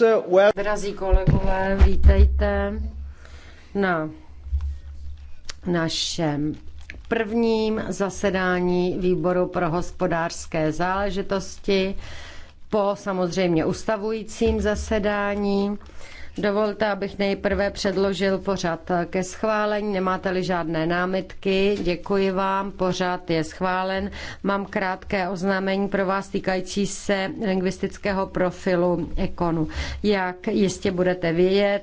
well... Drazí kolegové, vítejte na našem prvním zasedání výboru pro hospodářské záležitosti po samozřejmě ustavujícím zasedání. Dovolte, abych nejprve předložil pořad ke schválení. Nemáte-li žádné námitky, děkuji vám, pořad je schválen. Mám krátké oznámení pro vás týkající se lingvistického profilu ekonu. Jak jistě budete vědět,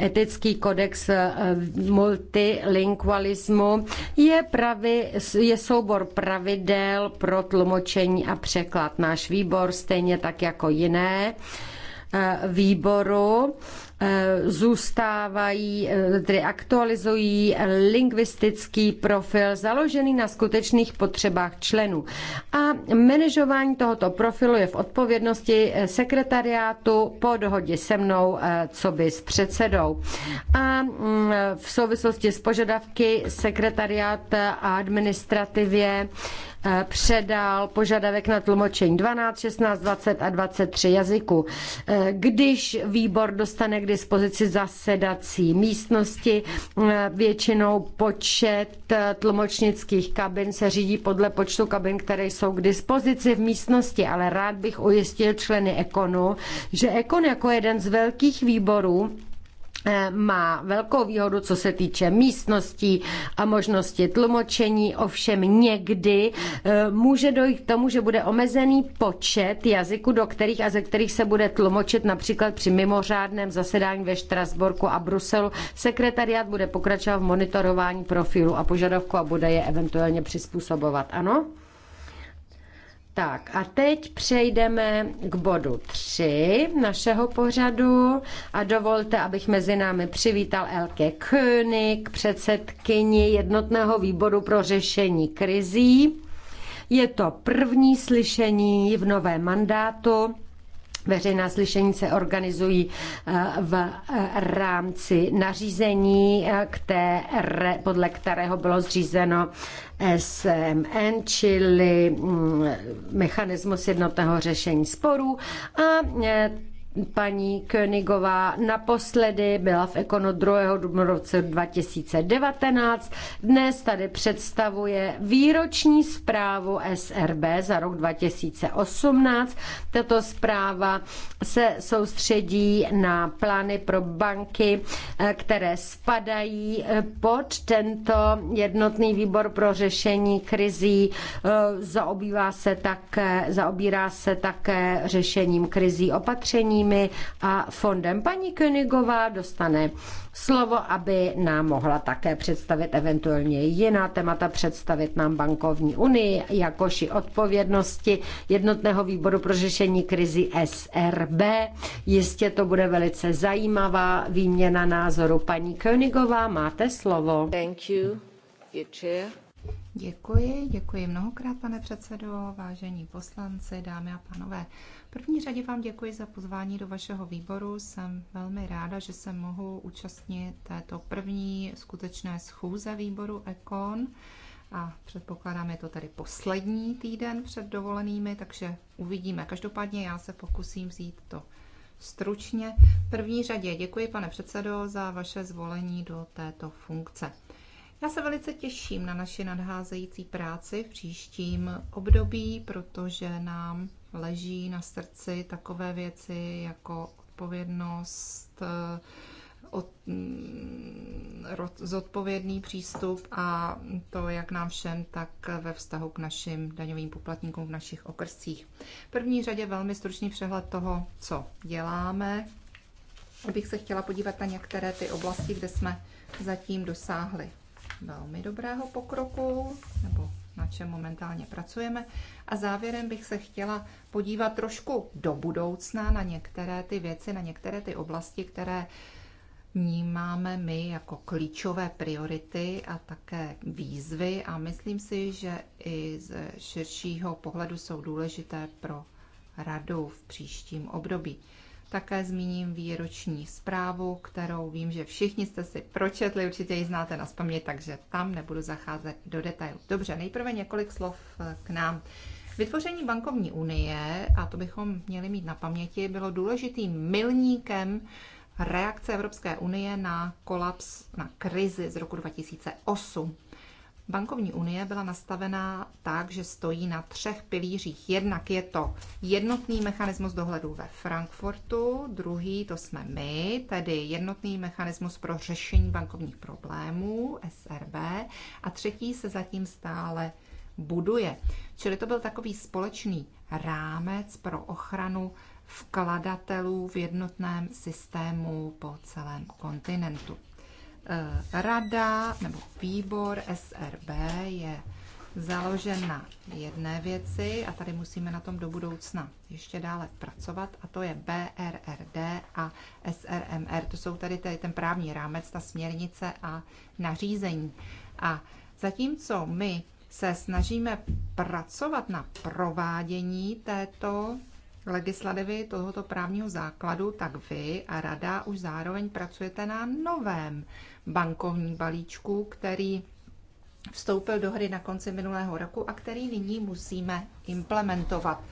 etický kodex eh, multilingualismu je, pravi, je soubor pravidel pro tlumočení a překlad. Náš výbor, stejně tak jako jiné, Eh, výboru eh, zůstávají, eh, tedy aktualizují lingvistický profil založený na skutečných potřebách členů. A manažování tohoto profilu je v odpovědnosti sekretariátu po dohodě se mnou, co by s předsedou. A mm, v souvislosti s požadavky sekretariát a administrativě Eh, předal požadavek na tlumočení 12, 16, 20 a 23 jazyků. Eh, když výbor dostane k dispozici zasedací místnosti, eh, většinou počet tlumočnických kabin se řídí podle počtu kabin, které jsou k dispozici v místnosti, ale rád bych ujistil členy Ekonu, že Ekon jako jeden z velkých výborů Eh, má velkou výhodu, co se týče místností a možnosti tlumočení, ovšem někdy eh, může dojít k tomu, že bude omezený počet jazyků, do kterých a ze kterých se bude tlumočit například při mimořádném zasedání ve Štrasborku a Bruselu. Sekretariat bude pokračovat v monitorování profilu a požadavku a bude je eventuálně přizpůsobovat. Ano? Tak a teď přejdeme k bodu 3 našeho pořadu a dovolte, abych mezi námi přivítal Elke König, předsedkyni jednotného výboru pro řešení krizí. Je to první slyšení v novém mandátu Veřejná slyšení se organizují eh, v eh, rámci nařízení, eh, které, podle kterého bylo zřízeno SMN, čili mm, mechanismus jednotného řešení sporů. A paní Königová naposledy byla v ekono 2. dubna roce 2019. Dnes tady představuje výroční zprávu SRB za rok 2018. Tato zpráva se soustředí na plány pro banky, které spadají pod tento jednotný výbor pro řešení krizí. Zaobírá se také, zaobírá se také řešením krizí opatření nimi a fondem. Paní Königová dostane slovo, aby nám mohla také představit eventuálně jiná témata, představit nám bankovní unii, jakož i odpovědnosti jednotného výboru pro řešení krizi SRB. Jistě to bude velice zajímavá výměna názoru. Paní Königová, máte slovo. Thank you, your chair. Děkuji, děkuji mnohokrát, pane předsedo, vážení poslanci, dámy a pánové. V první řadě vám děkuji za pozvání do vašeho výboru. Jsem velmi ráda, že se mohu účastnit této první skutečné schůze výboru EKON a předpokládám, je to tady poslední týden před dovolenými, takže uvidíme. Každopádně já se pokusím vzít to stručně. V první řadě děkuji, pane předsedo, za vaše zvolení do této funkce. Já se velice těším na naši nadházející práci v příštím období, protože nám leží na srdci takové věci jako odpovědnost, eh, od, mm, zodpovědný přístup a to jak nám všem, tak ve vztahu k našim daňovým poplatníkům v našich okrscích. V první řadě velmi stručný přehled toho, co děláme. Abych se chtěla podívat na některé ty oblasti, kde jsme zatím dosáhli velmi dobrého pokroku, nebo na čem momentálně pracujeme. A závěrem bych se chtěla podívat trošku do budoucna na některé ty věci, na některé ty oblasti, které vnímáme my jako klíčové priority a také výzvy a myslím si, že i z širšího pohledu jsou důležité pro radu v příštím období. Také zmíním výroční zprávu, kterou vím, že všichni jste si pročetli, určitě ji znáte na spaměť, takže tam nebudu zacházet do detailů. Dobře, nejprve několik slov eh, k nám. Vytvoření bankovní unie, a to bychom měli mít na paměti, bylo důležitým milníkem reakce Evropské unie na kolaps, na krizi z roku 2008. Bankovní unie byla nastavená tak, že stojí na třech pilířích. Jednak je to jednotný mechanismus dohledu ve Frankfurtu, druhý to jsme my, tedy jednotný mechanismus pro řešení bankovních problémů, SRB, a třetí se zatím stále buduje. Čili to byl takový společný rámec pro ochranu vkladatelů v jednotném systému po celém kontinentu. Eh, rada nebo výbor SRB je založen na jedné věci a tady musíme na tom do budoucna ještě dále pracovat a to je BRRD a SRMR. To jsou tady, tady ten právní rámec, ta směrnice a nařízení. A zatímco my se snažíme pracovat na provádění této legislativy tohoto právního základu, tak vy a rada už zároveň pracujete na novém bankovní balíčku, který vstoupil do hry na konci minulého roku a který nyní musíme implementovat.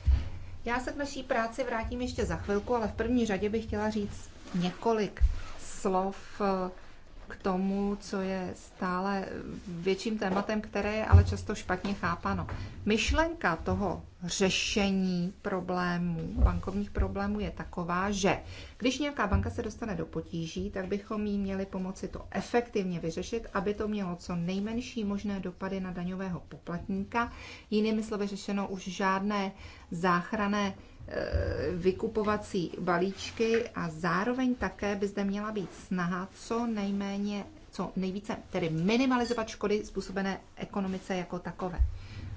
Já se k naší práci vrátím ještě za chvilku, ale v první řadě bych chtěla říct několik slov eh, k tomu, co je stále větším tématem, které je ale často špatně chápano. Myšlenka toho řešení problémů, bankovních problémů je taková, že když nějaká banka se dostane do potíží, tak bychom jí měli pomoci to efektivně vyřešit, aby to mělo co nejmenší možné dopady na daňového poplatníka. Jinými slovy řešeno už žádné záchrané Eh, vykupovací balíčky a zároveň také by zde měla být snaha co nejméně, co nejvíce, tedy minimalizovat škody způsobené ekonomice jako takové.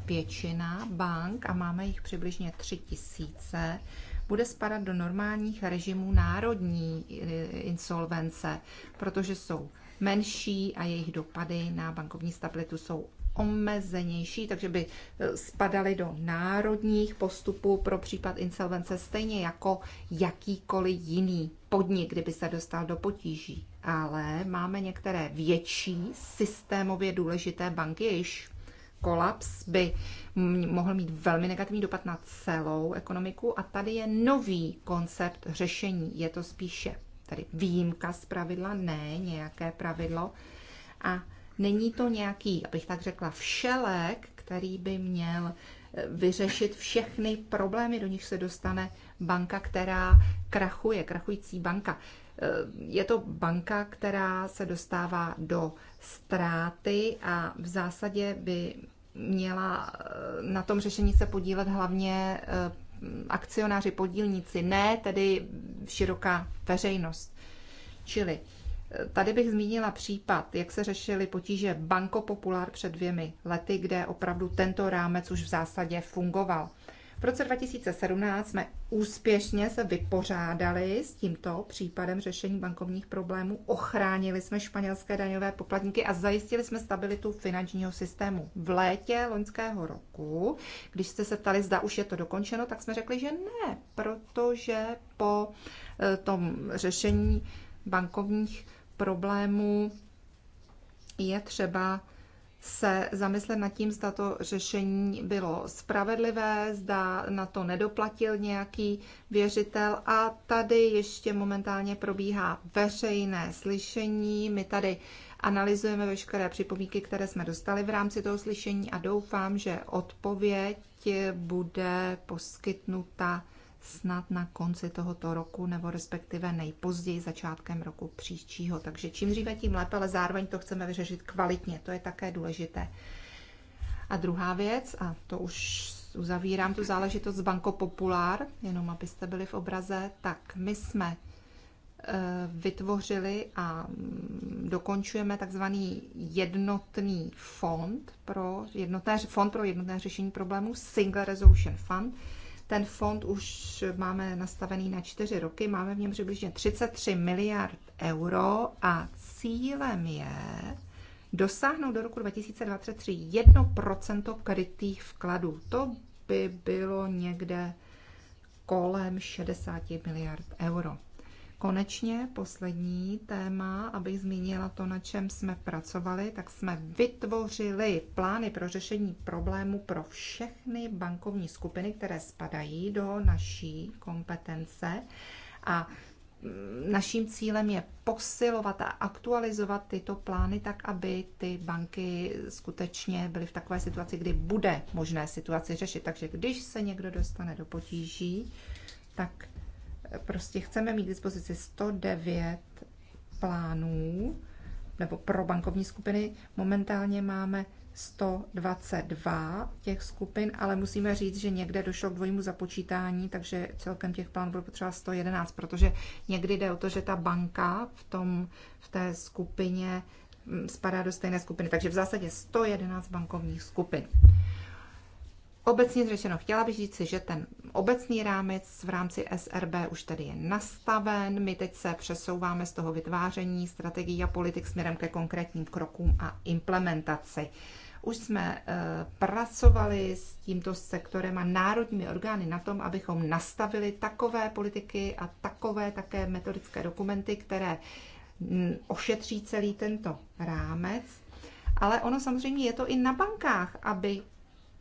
Většina bank, a máme jich přibližně tři tisíce, bude spadat do normálních režimů národní eh, insolvence, protože jsou menší a jejich dopady na bankovní stabilitu jsou omezenější, takže by eh, spadaly do národních postupů pro případ insolvence stejně jako jakýkoliv jiný podnik, kdyby se dostal do potíží. Ale máme některé větší systémově důležité banky, jež kolaps by mohl mít velmi negativní dopad na celou ekonomiku a tady je nový koncept řešení. Je to spíše tady výjimka z pravidla, ne nějaké pravidlo. A Není to nějaký, abych tak řekla, všelek, který by měl eh, vyřešit všechny problémy, do nich se dostane banka, která krachuje, krachující banka. Eh, je to banka, která se dostává do ztráty a v zásadě by měla eh, na tom řešení se podílet hlavně akcionáři, podílníci, ne tedy široká veřejnost. Čili Tady bych zmínila případ, jak se řešily potíže Banco Popular před dvěmi lety, kde opravdu tento rámec už v zásadě fungoval. V roce 2017 jsme úspěšně se vypořádali s tímto případem řešení bankovních problémů, ochránili jsme španělské daňové poplatníky a zajistili jsme stabilitu finančního systému. V létě loňského roku, když jste se ptali, zda už je to dokončeno, tak jsme řekli, že ne, protože po eh, tom řešení bankovních problémů je třeba se zamyslet nad tím, zda to řešení bylo spravedlivé, zda na to nedoplatil nějaký věřitel. A tady ještě momentálně probíhá veřejné slyšení. My tady analyzujeme veškeré připomínky, které jsme dostali v rámci toho slyšení a doufám, že odpověď bude poskytnuta snad na konci tohoto roku nebo respektive nejpozději začátkem roku příštího. Takže čím dříve, tím lépe, ale zároveň to chceme vyřešit kvalitně, to je také důležité. A druhá věc, a to už uzavírám tu záležitost z Banko Populár, jenom abyste byli v obraze, tak my jsme eh, vytvořili a mm, dokončujeme takzvaný jednotný fond pro jednotné, fond pro jednotné řešení problémů, Single Resolution Fund, ten fond už máme nastavený na čtyři roky, máme v něm přibližně 33 miliard euro a cílem je dosáhnout do roku 2023 1% krytých vkladů. To by bylo někde kolem 60 miliard euro konečně poslední téma, abych zmínila to, na čem jsme pracovali, tak jsme vytvořili plány pro řešení problému pro všechny bankovní skupiny, které spadají do naší kompetence. A mm, naším cílem je posilovat a aktualizovat tyto plány tak, aby ty banky skutečně byly v takové situaci, kdy bude možné situaci řešit. Takže když se někdo dostane do potíží, tak prostě chceme mít k dispozici 109 plánů nebo pro bankovní skupiny. Momentálně máme 122 těch skupin, ale musíme říct, že někde došlo k dvojímu započítání, takže celkem těch plánů bude potřeba 111, protože někdy jde o to, že ta banka v, tom, v té skupině mm, spadá do stejné skupiny. Takže v zásadě 111 bankovních skupin. Obecně řečeno, chtěla bych říct si, že ten obecný rámec v rámci SRB už tady je nastaven. My teď se přesouváme z toho vytváření strategií a politik směrem ke konkrétním krokům a implementaci. Už jsme eh, pracovali s tímto sektorem a národními orgány na tom, abychom nastavili takové politiky a takové také metodické dokumenty, které mm, ošetří celý tento rámec. Ale ono samozřejmě je to i na bankách, aby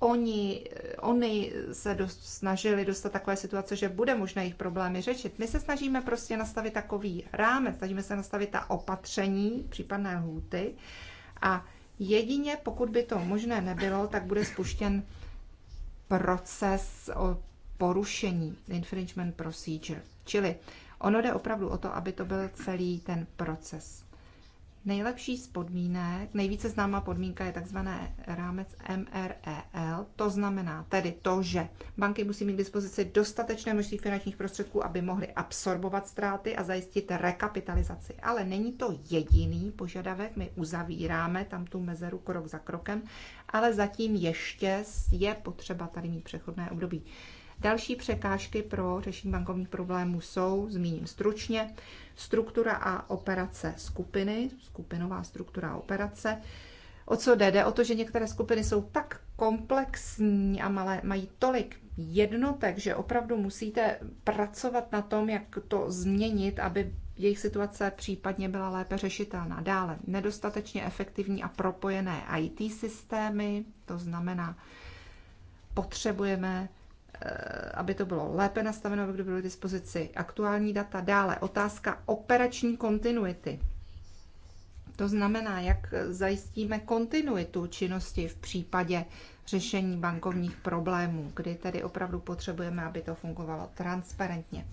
oni, oni se dost, snažili dostat takové situace, že bude možné jejich problémy řešit. My se snažíme prostě nastavit takový rámec, snažíme se nastavit ta opatření, případné lhůty a jedině pokud by to možné nebylo, tak bude spuštěn proces o porušení, infringement procedure. Čili ono jde opravdu o to, aby to byl celý ten proces Nejlepší z podmínek, nejvíce známá podmínka je tzv. rámec MREL, to znamená tedy to, že banky musí mít k dispozici dostatečné množství finančních prostředků, aby mohly absorbovat ztráty a zajistit rekapitalizaci. Ale není to jediný požadavek, my uzavíráme tam tu mezeru krok za krokem, ale zatím ještě je potřeba tady mít přechodné období. Další překážky pro řešení bankovních problémů jsou, zmíním stručně, Struktura a operace skupiny, skupinová struktura a operace. O co jde? Jde o to, že některé skupiny jsou tak komplexní a malé, mají tolik jednotek, že opravdu musíte pracovat na tom, jak to změnit, aby jejich situace případně byla lépe řešitelná. Dále, nedostatečně efektivní a propojené IT systémy, to znamená, potřebujeme Eh, aby to bylo lépe nastaveno, aby byly k dispozici aktuální data. Dále otázka operační kontinuity. To znamená, jak zajistíme kontinuitu činnosti v případě řešení bankovních problémů, kdy tedy opravdu potřebujeme, aby to fungovalo transparentně.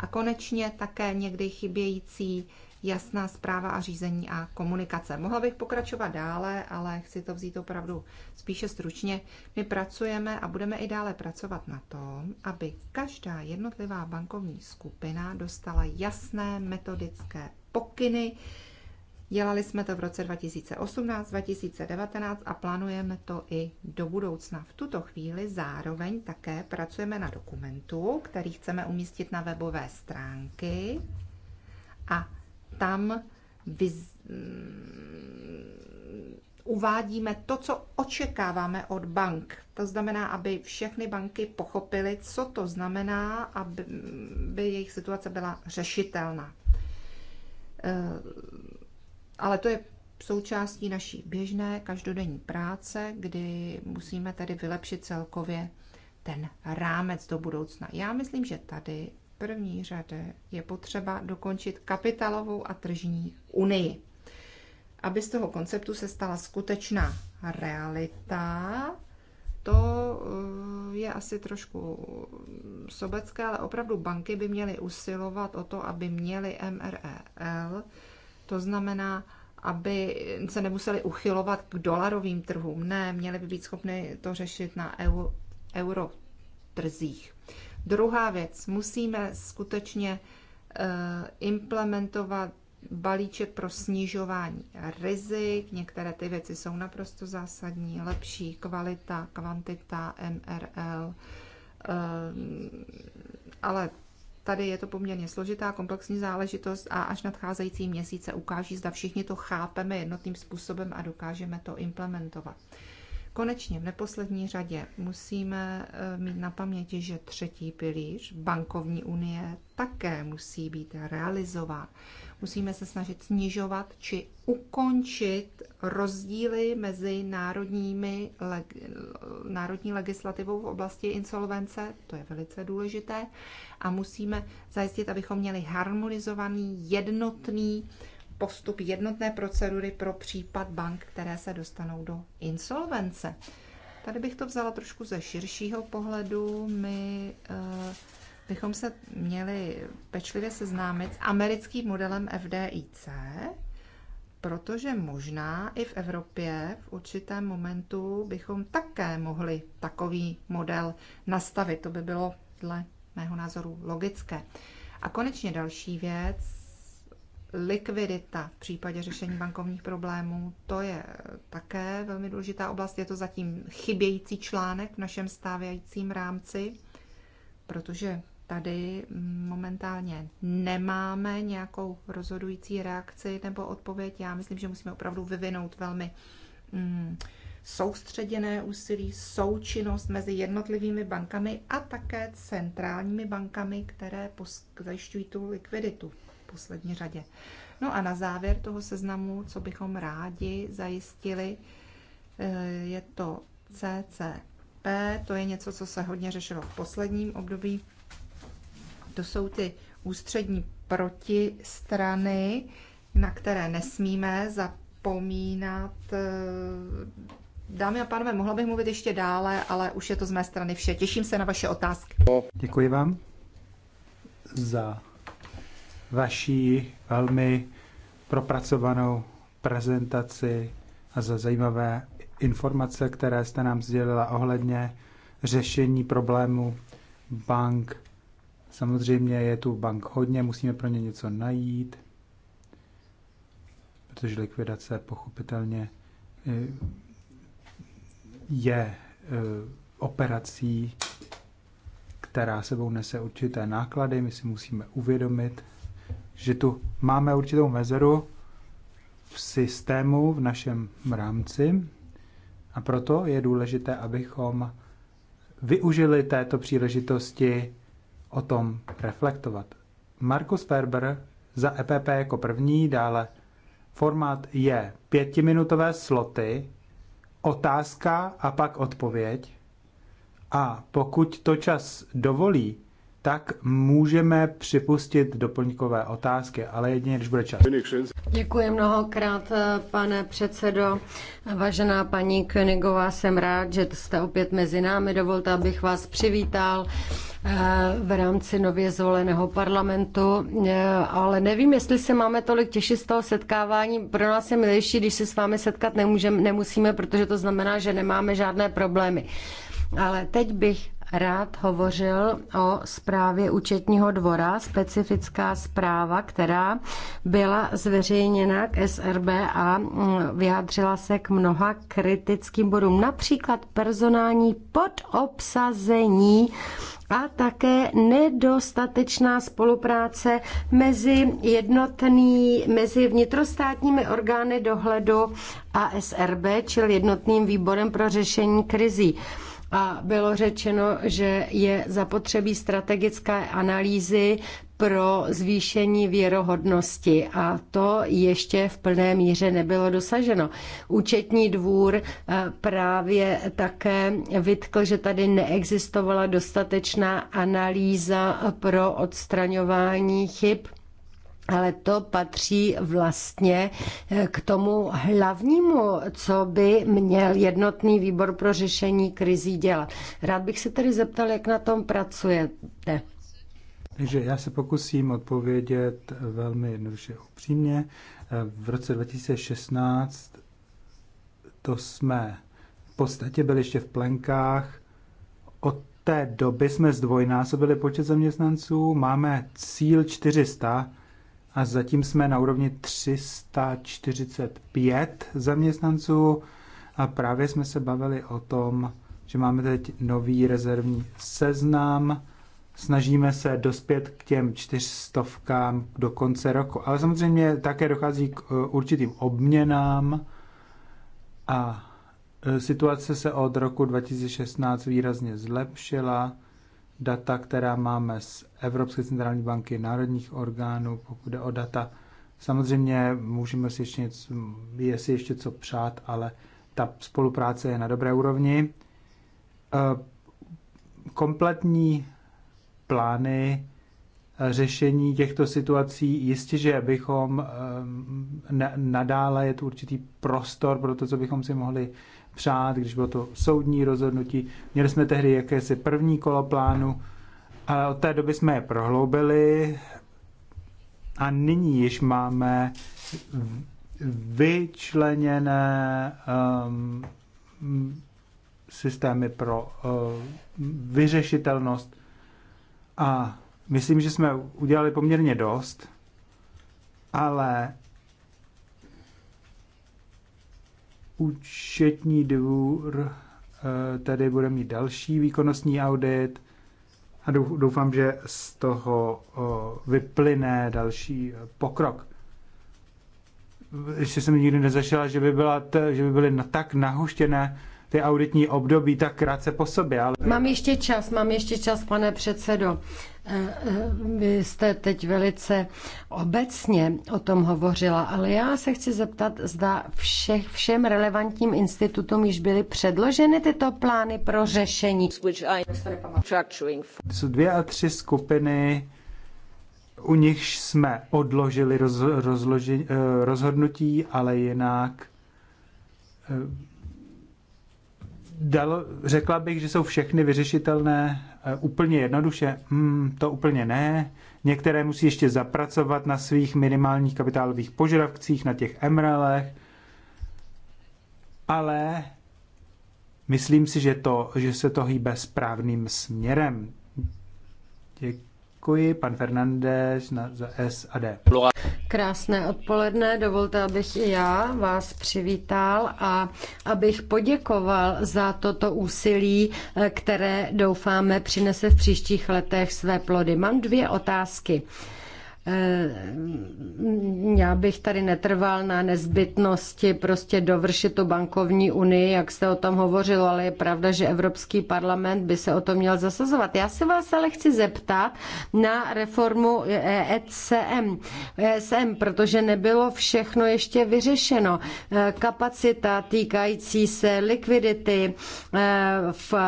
A konečně také někdy chybějící jasná zpráva a řízení a komunikace. Mohla bych pokračovat dále, ale chci to vzít opravdu spíše stručně. My pracujeme a budeme i dále pracovat na tom, aby každá jednotlivá bankovní skupina dostala jasné metodické pokyny. Dělali jsme to v roce 2018, 2019 a plánujeme to i do budoucna. V tuto chvíli zároveň také pracujeme na dokumentu, který chceme umístit na webové stránky a tam vyz... uvádíme to, co očekáváme od bank. To znamená, aby všechny banky pochopily, co to znamená, aby, aby jejich situace byla řešitelná. Eh, ale to je součástí naší běžné každodenní práce, kdy musíme tedy vylepšit celkově ten rámec do budoucna. Já myslím, že tady první řadě je potřeba dokončit kapitalovou a tržní unii. Aby z toho konceptu se stala skutečná realita, to eh, je asi trošku sobecké, ale opravdu banky by měly usilovat o to, aby měly MREL, to znamená, aby se nemuseli uchylovat k dolarovým trhům. Ne, měly by být schopny to řešit na euro, euro trzích. Druhá věc, musíme skutečně eh, implementovat balíček pro snižování rizik. Některé ty věci jsou naprosto zásadní. Lepší kvalita, kvantita, MRL. Eh, ale tady je to poměrně složitá, komplexní záležitost a až nadcházející měsíce ukáží, zda všichni to chápeme jednotným způsobem a dokážeme to implementovat. Konečně v neposlední řadě musíme eh, mít na paměti, že třetí pilíř bankovní unie také musí být realizován. Musíme se snažit snižovat či ukončit rozdíly mezi národními, leg, národní legislativou v oblasti insolvence, to je velice důležité, a musíme zajistit, abychom měli harmonizovaný, jednotný postup jednotné procedury pro případ bank, které se dostanou do insolvence. Tady bych to vzala trošku ze širšího pohledu. My uh, bychom se měli pečlivě seznámit s americkým modelem FDIC, protože možná i v Evropě v určitém momentu bychom také mohli takový model nastavit. To by bylo dle mého názoru logické. A konečně další věc, likvidita v případě řešení bankovních problémů, to je také velmi důležitá oblast. Je to zatím chybějící článek v našem stávajícím rámci, protože tady momentálně nemáme nějakou rozhodující reakci nebo odpověď. Já myslím, že musíme opravdu vyvinout velmi mm, soustředěné úsilí, součinnost mezi jednotlivými bankami a také centrálními bankami, které zajišťují tu likviditu neposlední řadě. No a na závěr toho seznamu, co bychom rádi zajistili, eh, je to CCP, to je něco, co se hodně řešilo v posledním období. To jsou ty ústřední protistrany, na které nesmíme zapomínat. Eh, dámy a pánové, mohla bych mluvit ještě dále, ale už je to z mé strany vše. Těším se na vaše otázky. Děkuji vám za vaší velmi propracovanou prezentaci a za zajímavé informace, které jste nám sdělila ohledně řešení problému bank. Samozřejmě je tu bank hodně, musíme pro ně něco najít, protože likvidace pochopitelně eh, je eh, operací, která sebou nese určité náklady, my si musíme uvědomit, že tu máme určitou mezeru v systému, v našem rámci a proto je důležité, abychom využili této příležitosti o tom reflektovat. Markus Ferber za EPP jako první, dále formát je pětiminutové sloty, otázka a pak odpověď. A pokud to čas dovolí, tak můžeme připustit doplňkové otázky, ale jedině, když bude čas. Děkuji mnohokrát, pane předsedo. Vážená paní Königová, jsem rád, že jste opět mezi námi. Dovolte, abych vás přivítal eh, v rámci nově zvoleného parlamentu, eh, ale nevím, jestli se máme tolik těšit z toho setkávání. Pro nás je milejší, když se s vámi setkat nemůžeme, nemusíme, protože to znamená, že nemáme žádné problémy. Ale teď bych rád hovořil o zprávě účetního dvora, specifická zpráva, která byla zveřejněna k SRB a mm, vyjádřila se k mnoha kritickým bodům, například personální podobsazení a také nedostatečná spolupráce mezi jednotný, mezi vnitrostátními orgány dohledu a SRB, čili jednotným výborem pro řešení krizí a bylo řečeno, že je zapotřebí strategické analýzy pro zvýšení věrohodnosti a to ještě v plné míře nebylo dosaženo. Účetní dvůr eh, právě také vytkl, že tady neexistovala dostatečná analýza pro odstraňování chyb ale to patří vlastně eh, k tomu hlavnímu, co by měl jednotný výbor pro řešení krizí dělat. Rád bych se tedy zeptal, jak na tom pracujete. Takže já se pokusím odpovědět velmi jednoduše upřímně. Eh, v roce 2016 to jsme v podstatě byli ještě v plenkách. Od té doby jsme zdvojnásobili počet zaměstnanců, máme cíl 400 a zatím jsme na úrovni 345 zaměstnanců a právě jsme se bavili o tom, že máme teď nový rezervní seznam, snažíme se dospět k těm čtyřstovkám do konce roku. Ale samozřejmě také dochází k e, určitým obměnám a e, situace se od roku 2016 výrazně zlepšila. Data, která máme z Evropské centrální banky, národních orgánů, pokud jde o data. Samozřejmě můžeme si ještě něco, je si ještě co přát, ale ta spolupráce je na dobré úrovni. E, kompletní plány e, řešení těchto situací, jistě, že bychom e, nadále, je tu určitý prostor pro to, co bychom si mohli přát, když bylo to soudní rozhodnutí. Měli jsme tehdy jakési první kolo plánu, ale od té doby jsme je prohloubili a nyní již máme vyčleněné um, systémy pro uh, vyřešitelnost a myslím, že jsme udělali poměrně dost, ale účetní dvůr eh, tady bude mít další výkonnostní audit a doufám, že z toho vyplyne další pokrok. Ještě jsem nikdy nezašel, že by, byla t, že by byly tak nahuštěné ty auditní období tak krátce po sobě. Ale... Mám ještě čas, mám ještě čas, pane předsedo. Eh, eh, vy jste teď velice obecně o tom hovořila, ale já se chci zeptat, zda všech, všem relevantním institutům již byly předloženy tyto plány pro řešení. Jsou dvě a tři skupiny, u nichž jsme odložili roz, rozloži, eh, rozhodnutí, ale jinak dalo, řekla bych, že jsou všechny vyřešitelné eh, úplně jednoduše. Hmm, to úplně ne. Některé musí ještě zapracovat na svých minimálních kapitálových požadavcích, na těch emrelech. Ale myslím si, že, to, že se to hýbe správným směrem. Děkuji, pan Fernandez S za SAD. Krásné odpoledne, dovolte, abych i já vás přivítal a abych poděkoval za toto úsilí, eh, které doufáme přinese v příštích letech své plody. Mám dvě otázky. Eh, já bych tady netrval na nezbytnosti prostě dovršit tu bankovní unii, jak jste o tom hovořilo, ale je pravda, že Evropský parlament by se o to měl zasazovat. Já se vás ale chci zeptat na reformu ECM, eh, e ESM, protože nebylo všechno ještě vyřešeno. Eh, kapacita týkající se likvidity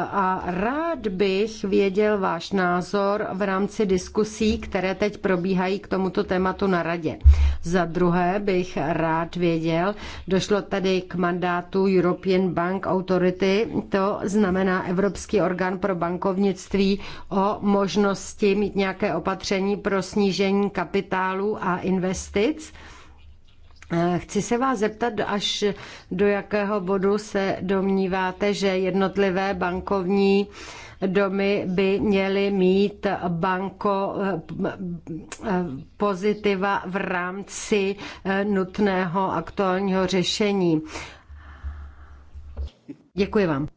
a rád bych věděl váš názor v rámci diskusí, které teď probíhají k tomuto tématu na radě. Za druhé bych rád věděl, došlo tady k mandátu European Bank Authority, to znamená Evropský orgán pro bankovnictví o možnosti mít nějaké opatření pro snížení kapitálu a investic. Chci se vás zeptat, až do jakého bodu se domníváte, že jednotlivé bankovní uh, domy by měly mít banko eh, pozitiva v rámci eh, nutného aktuálního řešení. Děkuji vám.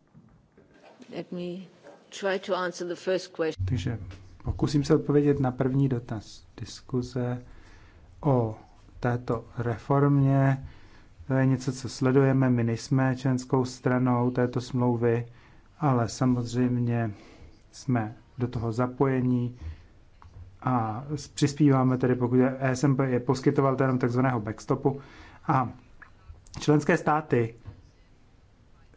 Takže pokusím se odpovědět na první dotaz diskuze o této reformě. To je něco, co sledujeme. My nejsme členskou stranou této smlouvy ale samozřejmě jsme do toho zapojení a přispíváme tedy, pokud je ESMP je poskytovatelem takzvaného backstopu a členské státy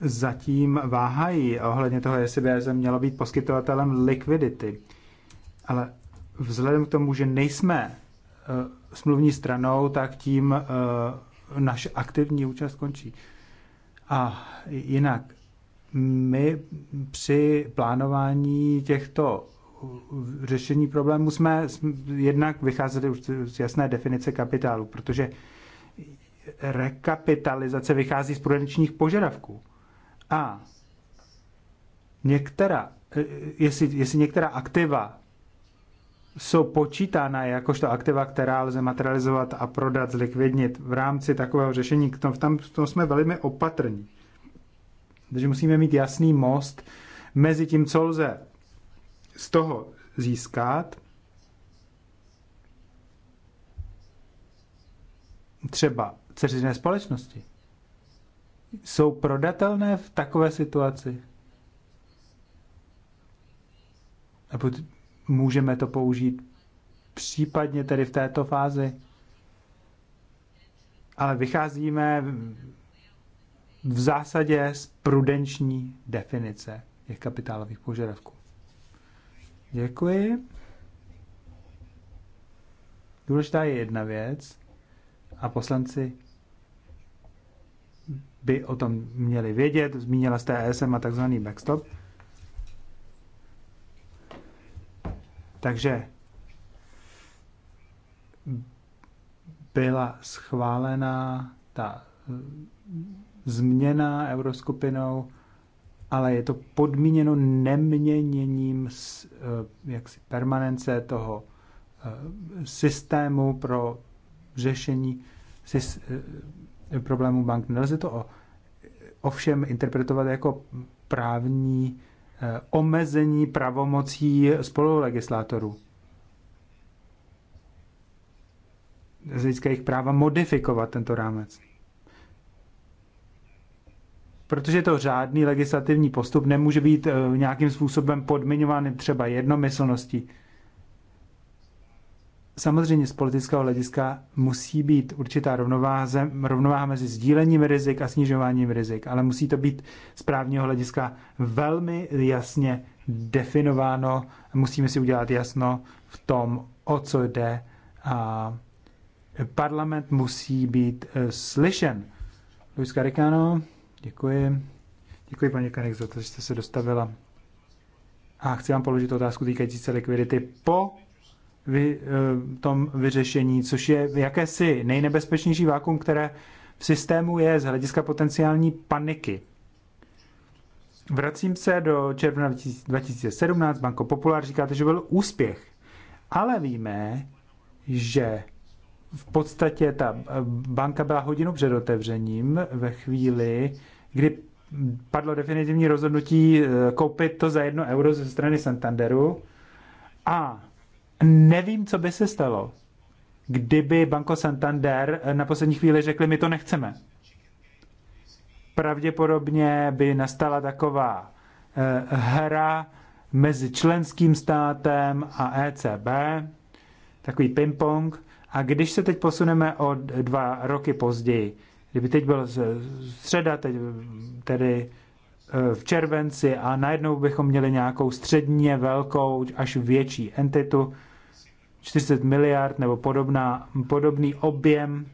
zatím váhají ohledně toho, jestli by ESM mělo být poskytovatelem likvidity. Ale vzhledem k tomu, že nejsme uh, smluvní stranou, tak tím uh, naše aktivní účast končí. A jinak my při plánování těchto řešení problémů jsme jednak vycházeli už z jasné definice kapitálu, protože rekapitalizace vychází z prudenčních požadavků. A některá, jestli, jestli některá aktiva jsou počítána jakožto aktiva, která lze materializovat a prodat, zlikvidnit v rámci takového řešení, k tom, tam tom jsme velmi opatrní. Takže musíme mít jasný most mezi tím, co lze z toho získat, třeba ceřiné společnosti, jsou prodatelné v takové situaci? Nebo můžeme to použít případně tedy v této fázi? Ale vycházíme v zásadě z prudenční definice těch kapitálových požadavků. Děkuji. Důležitá je jedna věc a poslanci by o tom měli vědět. Zmínila jste ESM a takzvaný backstop. Takže byla schválena ta změna euroskupinou, ale je to podmíněno neměněním eh, jaksi permanence toho eh, systému pro řešení eh, problémů bank. Nelze to ovšem interpretovat jako právní omezení pravomocí spolulegislátorů. Z hlediska jejich práva modifikovat tento rámec protože to řádný legislativní postup nemůže být eh, nějakým způsobem podmiňován třeba jednomyslností. Samozřejmě z politického hlediska musí být určitá rovnováze, rovnováha mezi sdílením rizik a snižováním rizik, ale musí to být z právního hlediska velmi jasně definováno. Musíme si udělat jasno v tom, o co jde. A parlament musí být eh, slyšen. Luis Caricano. Děkuji. Děkuji, paní Kanek, za to, že jste se dostavila. A chci vám položit otázku týkající se likvidity po vy, eh, tom vyřešení, což je jakési nejnebezpečnější vákum, které v systému je z hlediska potenciální paniky. Vracím se do června 2017. Banko Popular říkáte, že byl úspěch. Ale víme, že v podstatě ta eh, banka byla hodinu před otevřením ve chvíli, kdy padlo definitivní rozhodnutí eh, koupit to za jedno euro ze strany Santanderu a nevím, co by se stalo, kdyby Banko Santander eh, na poslední chvíli řekli, my to nechceme. Pravděpodobně by nastala taková hra mezi členským státem a ECB, takový ping-pong, a když se teď posuneme o dva roky později, kdyby teď byl středa, teď, tedy eh, v červenci a najednou bychom měli nějakou středně velkou až větší entitu, 40 miliard nebo podobná, podobný objem,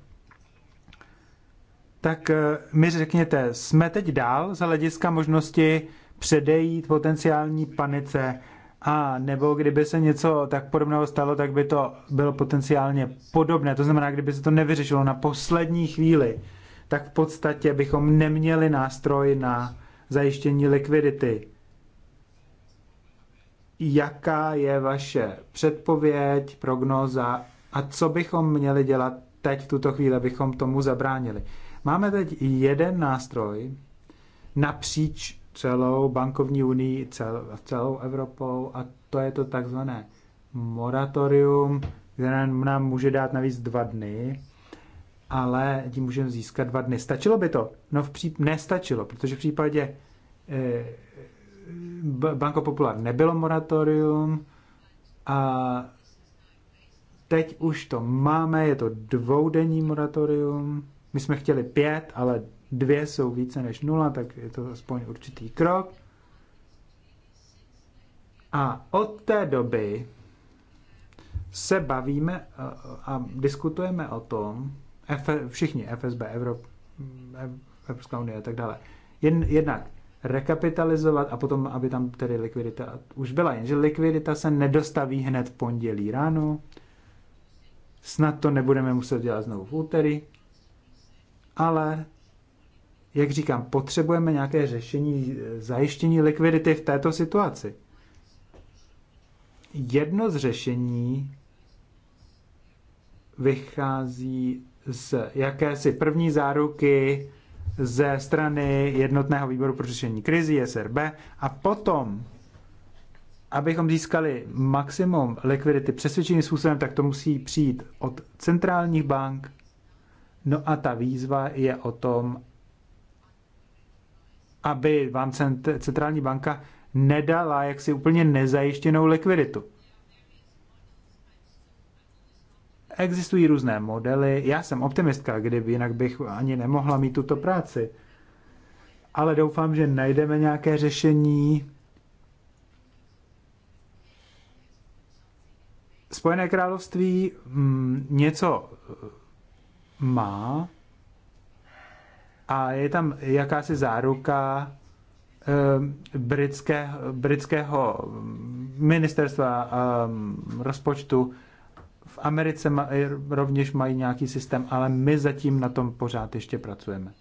tak eh, mi řekněte, jsme teď dál z hlediska možnosti předejít potenciální panice a nebo kdyby se něco tak podobného stalo, tak by to bylo potenciálně podobné. To znamená, kdyby se to nevyřešilo na poslední chvíli, tak v podstatě bychom neměli nástroj na zajištění likvidity. Jaká je vaše předpověď, prognóza a co bychom měli dělat teď v tuto chvíli, abychom tomu zabránili? Máme teď jeden nástroj napříč celou bankovní unii, cel, celou Evropou a to je to takzvané moratorium, které nám může dát navíc dva dny, ale tím můžeme získat dva dny. Stačilo by to? No v příp- nestačilo, protože v případě eh, Banko Popular nebylo moratorium a teď už to máme, je to dvoudenní moratorium. My jsme chtěli pět, ale dvě jsou více než nula, tak je to aspoň určitý krok. A od té doby se bavíme e, a diskutujeme o tom, e, všichni FSB, Evrop, Evropská unie a tak dále, jen, jednak rekapitalizovat a potom, aby tam tedy likvidita už byla. Jenže likvidita se nedostaví hned v pondělí ráno, snad to nebudeme muset dělat znovu v úterý, ale jak říkám, potřebujeme nějaké řešení zajištění likvidity v této situaci. Jedno z řešení vychází z jakési první záruky ze strany jednotného výboru pro řešení krizi SRB a potom, abychom získali maximum likvidity přesvědčeným způsobem, tak to musí přijít od centrálních bank. No a ta výzva je o tom, aby vám centrální banka nedala jaksi úplně nezajištěnou likviditu. Existují různé modely. Já jsem optimistka, kdyby jinak bych ani nemohla mít tuto práci. Ale doufám, že najdeme nějaké řešení. Spojené království mm, něco e, má, a je tam jakási záruka ehm, britské, britského ministerstva ehm, rozpočtu. V Americe rovněž mají nějaký systém, ale my zatím na tom pořád ještě pracujeme.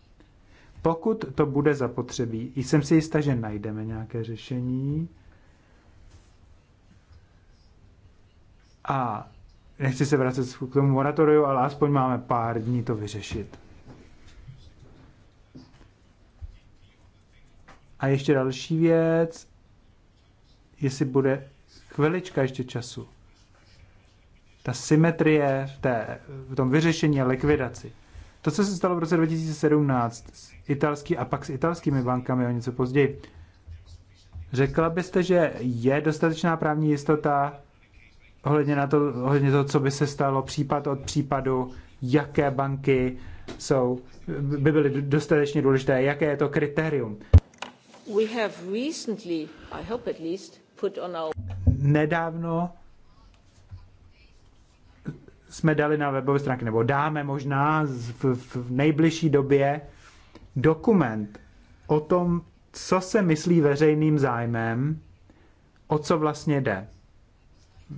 Pokud to bude zapotřebí, jsem si jistá, že najdeme nějaké řešení. A nechci se vracet k tomu moratoriu, ale aspoň máme pár dní to vyřešit. A ještě další věc, jestli bude chvilička ještě času. Ta symetrie v, té, v tom vyřešení a likvidaci. To, co se stalo v roce 2017 s italský a pak s italskými bankami o něco později, řekla byste, že je dostatečná právní jistota ohledně, na to, ohledně toho, co by se stalo případ od případu, jaké banky jsou, by byly dostatečně důležité, jaké je to kritérium. We have recently, I hope at least, put on our... Nedávno jsme dali na webové stránky, nebo dáme možná v, v nejbližší době dokument o tom, co se myslí veřejným zájmem, o co vlastně jde.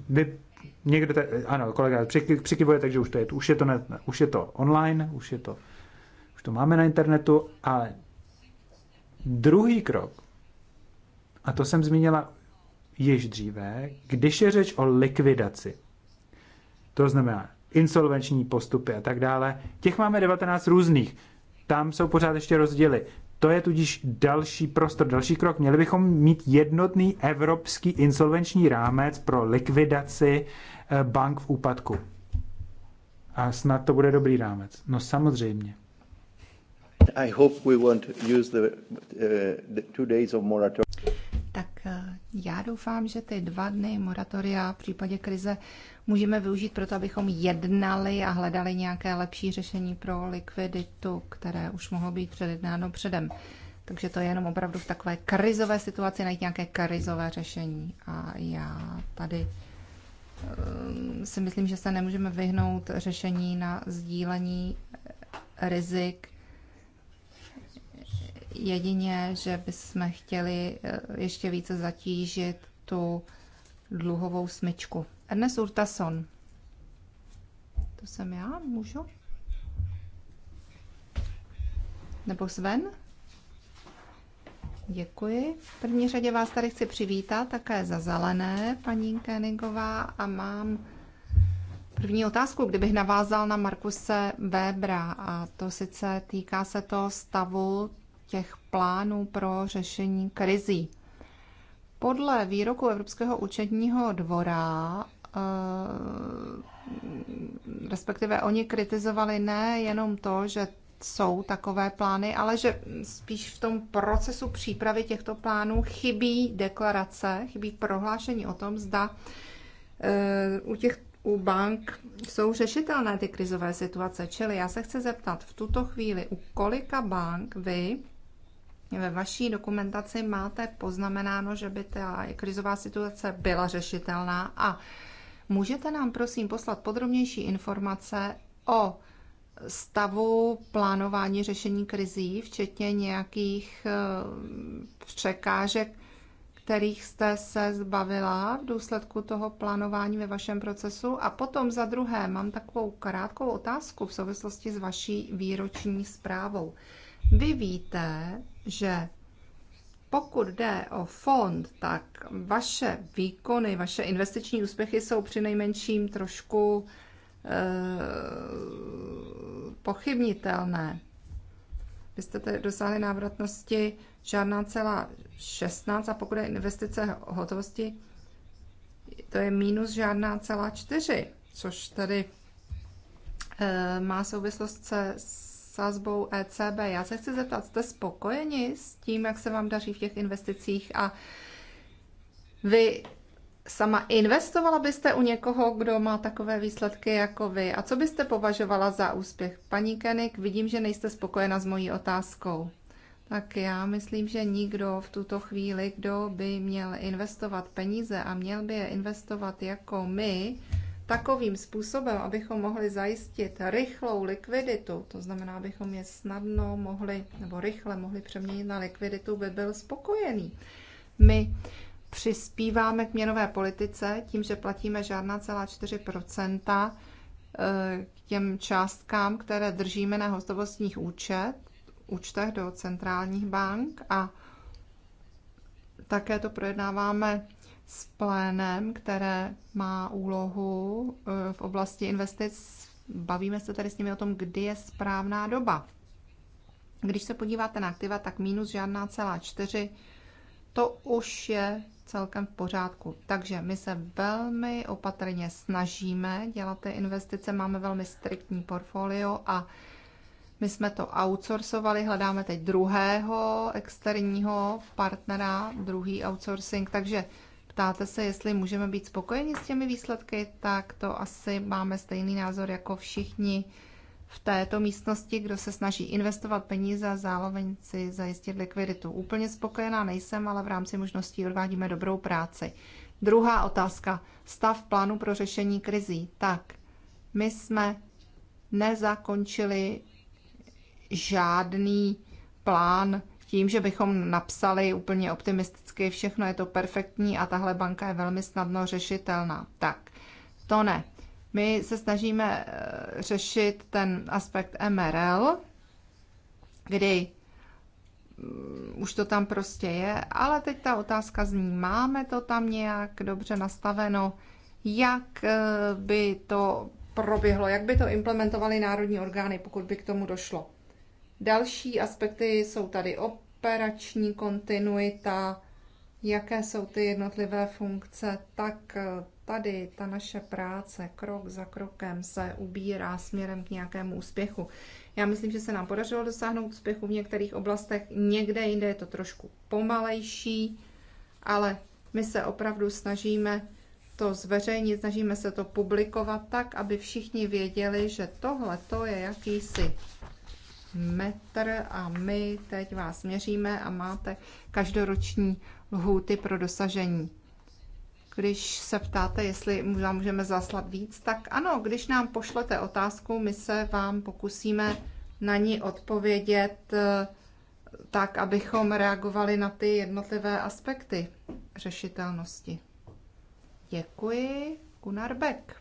Vy, někdo, te, ano, kolega přikivuje, takže už, to je, už, je to ne, už je to online, už je to, už to máme na internetu, ale Druhý krok, a to jsem zmínila již dříve, když je řeč o likvidaci, to znamená insolvenční postupy a tak dále, těch máme 19 různých. Tam jsou pořád ještě rozdíly. To je tudíž další prostor, další krok. Měli bychom mít jednotný evropský insolvenční rámec pro likvidaci eh, bank v úpadku. A snad to bude dobrý rámec. No samozřejmě. Tak já doufám, že ty dva dny moratoria v případě krize můžeme využít proto, abychom jednali a hledali nějaké lepší řešení pro likviditu, které už mohlo být předjednáno předem. Takže to je jenom opravdu v takové krizové situaci najít nějaké krizové řešení. A já tady um, si myslím, že se nemůžeme vyhnout řešení na sdílení rizik jedině, že bychom chtěli eh, ještě více zatížit tu dluhovou smyčku. Ernest Urtason. To jsem já, můžu? Nebo Sven? Děkuji. V první řadě vás tady chci přivítat také za zelené, paní Kenigová, a mám první otázku, kdybych navázal na Markuse Webra, a to sice týká se to stavu těch plánů pro řešení krizí. Podle výroku Evropského účetního dvora eh, respektive oni kritizovali ne jenom to, že jsou takové plány, ale že spíš v tom procesu přípravy těchto plánů chybí deklarace, chybí prohlášení o tom, zda eh, u těch u bank jsou řešitelné ty krizové situace. Čili já se chci zeptat v tuto chvíli, u kolika bank vy ve vaší dokumentaci máte poznamenáno, že by ta krizová situace byla řešitelná a můžete nám prosím poslat podrobnější informace o stavu plánování řešení krizí, včetně nějakých eh, překážek, kterých jste se zbavila v důsledku toho plánování ve vašem procesu. A potom za druhé mám takovou krátkou otázku v souvislosti s vaší výroční zprávou. Vy víte, že pokud jde o fond, tak vaše výkony, vaše investiční úspěchy jsou při nejmenším trošku e, pochybnitelné. Vy jste tedy dosáhli návratnosti žádná celá 16 a pokud je investice hotovosti, to je minus žádná celá 4, což tady e, eh, má souvislost se, s Sázbou ECB. Já se chci zeptat, jste spokojeni s tím, jak se vám daří v těch investicích a vy sama investovala byste u někoho, kdo má takové výsledky jako vy? A co byste považovala za úspěch? Paní Kenik, vidím, že nejste spokojena s mojí otázkou. Tak já myslím, že nikdo v tuto chvíli, kdo by měl investovat peníze a měl by je investovat jako my, takovým způsobem, abychom mohli zajistit rychlou likviditu, to znamená, abychom je snadno mohli, nebo rychle mohli přeměnit na likviditu, by byl spokojený. My přispíváme k měnové politice tím, že platíme žádná celá 4 eh, k těm částkám, které držíme na hotovostních účet, účtech do centrálních bank a také to projednáváme s plénem, které má úlohu eh, v oblasti investic. Bavíme se tady s nimi o tom, kdy je správná doba. Když se podíváte na aktiva, tak minus žádná celá čtyři, to už je celkem v pořádku. Takže my se velmi opatrně snažíme dělat ty investice, máme velmi striktní portfolio a my jsme to outsourcovali, hledáme teď druhého externího partnera, druhý outsourcing, takže ptáte se, jestli můžeme být spokojeni s těmi výsledky, tak to asi máme stejný názor jako všichni v této místnosti, kdo se snaží investovat peníze a zároveň si zajistit likviditu. Úplně spokojená nejsem, ale v rámci možností odvádíme dobrou práci. Druhá otázka. Stav plánu pro řešení krizí. Tak, my jsme nezakončili žádný plán tím, že bychom napsali úplně optimistický hezky, všechno je to perfektní a tahle banka je velmi snadno řešitelná. Tak, to ne. My se snažíme eh, řešit ten aspekt MRL, kdy mm, už to tam prostě je, ale teď ta otázka zní, máme to tam nějak dobře nastaveno, jak eh, by to proběhlo, jak by to implementovaly národní orgány, pokud by k tomu došlo. Další aspekty jsou tady operační kontinuita, jaké jsou ty jednotlivé funkce, tak eh, tady ta naše práce krok za krokem se ubírá směrem k nějakému úspěchu. Já myslím, že se nám podařilo dosáhnout úspěchu v některých oblastech, někde jinde je to trošku pomalejší, ale my se opravdu snažíme to zveřejnit, snažíme se to publikovat tak, aby všichni věděli, že tohle to je jakýsi metr a my teď vás měříme a máte každoroční lhůty pro dosažení. Když se ptáte, jestli vám můžeme zaslat víc, tak ano, když nám pošlete otázku, my se vám pokusíme na ní odpovědět eh, tak, abychom reagovali na ty jednotlivé aspekty řešitelnosti. Děkuji, Gunnar Beck.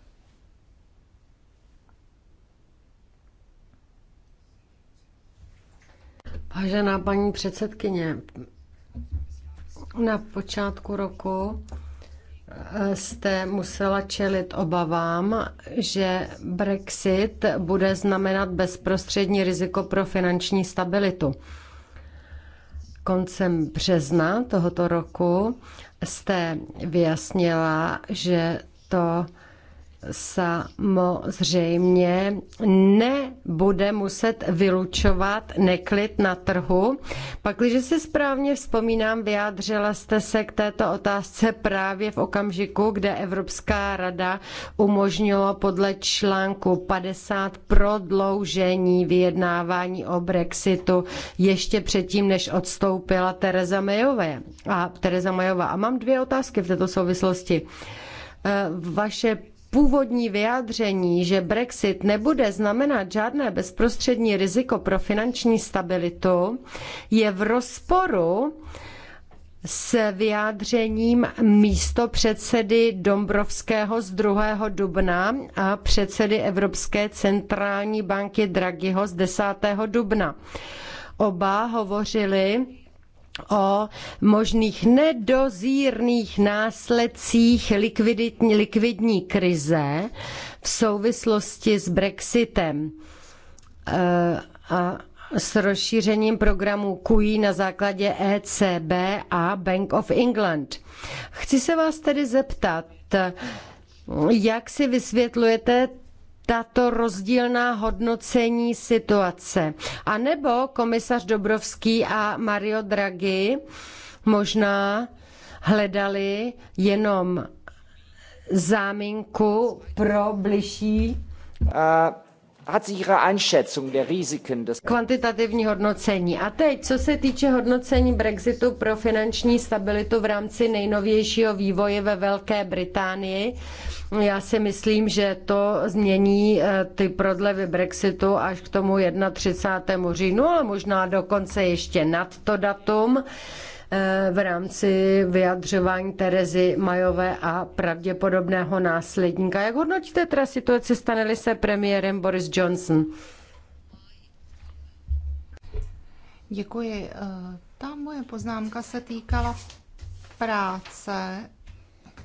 Vážená paní předsedkyně, na počátku roku eh, jste musela čelit obavám, že Brexit bude znamenat bezprostřední riziko pro finanční stabilitu. Koncem března tohoto roku jste vyjasnila, že to samozřejmě nebude muset vylučovat neklid na trhu. Pakliže si správně vzpomínám, vyjádřila jste se k této otázce právě v okamžiku, kde Evropská rada umožnila podle článku 50 prodloužení vyjednávání o Brexitu ještě předtím, než odstoupila Tereza Mayové. A Tereza Mayová. A mám dvě otázky v této souvislosti. E, vaše původní vyjádření, že Brexit nebude znamenat žádné bezprostřední riziko pro finanční stabilitu, je v rozporu s vyjádřením místo předsedy Dombrovského z 2. dubna a předsedy Evropské centrální banky Draghiho z 10. dubna. Oba hovořili o možných nedozírných následcích likviditní, likvidní krize v souvislosti s Brexitem eh, a s rozšířením programu QE na základě ECB a Bank of England. Chci se vás tedy zeptat, jak si vysvětlujete tato rozdílná hodnocení situace. A nebo komisař Dobrovský a Mario Draghi možná hledali jenom záminku pro bližší äh, kvantitativní hodnocení. A teď, co se týče hodnocení Brexitu pro finanční stabilitu v rámci nejnovějšího vývoje ve Velké Británii, já si myslím, že to změní eh, ty prodlevy Brexitu až k tomu 31. říjnu, ale možná dokonce ještě nad to datum eh, v rámci vyjadřování Terezy Majové a pravděpodobného následníka. Jak hodnotíte teda situaci, staneli se premiérem Boris Johnson? Děkuji. Eh, ta moje poznámka se týkala práce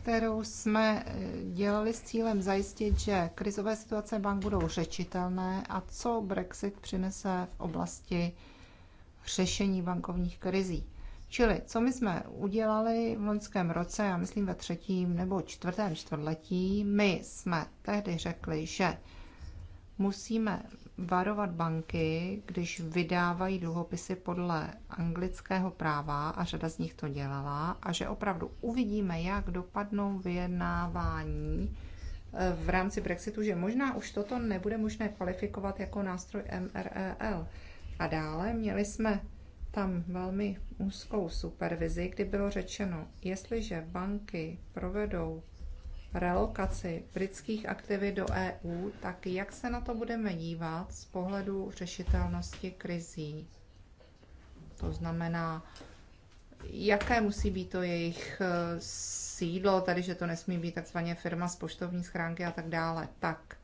kterou jsme eh, dělali s cílem zajistit, že krizové situace bank budou řečitelné a co Brexit přinese v oblasti řešení bankovních krizí. Čili, co my jsme udělali v loňském roce, já myslím ve třetím nebo čtvrtém čtvrtletí, my jsme tehdy řekli, že musíme varovat banky, když vydávají dluhopisy podle anglického práva, a řada z nich to dělala, a že opravdu uvidíme, jak dopadnou vyjednávání eh, v rámci Brexitu, že možná už toto nebude možné kvalifikovat jako nástroj MREL. A dále měli jsme tam velmi úzkou supervizi, kdy bylo řečeno, jestliže banky provedou relokaci britských aktivit do EU, tak jak se na to budeme dívat z pohledu řešitelnosti krizí? To znamená, jaké musí být to jejich eh, sídlo, tady, že to nesmí být takzvaně firma z poštovní schránky a tak dále. Tak,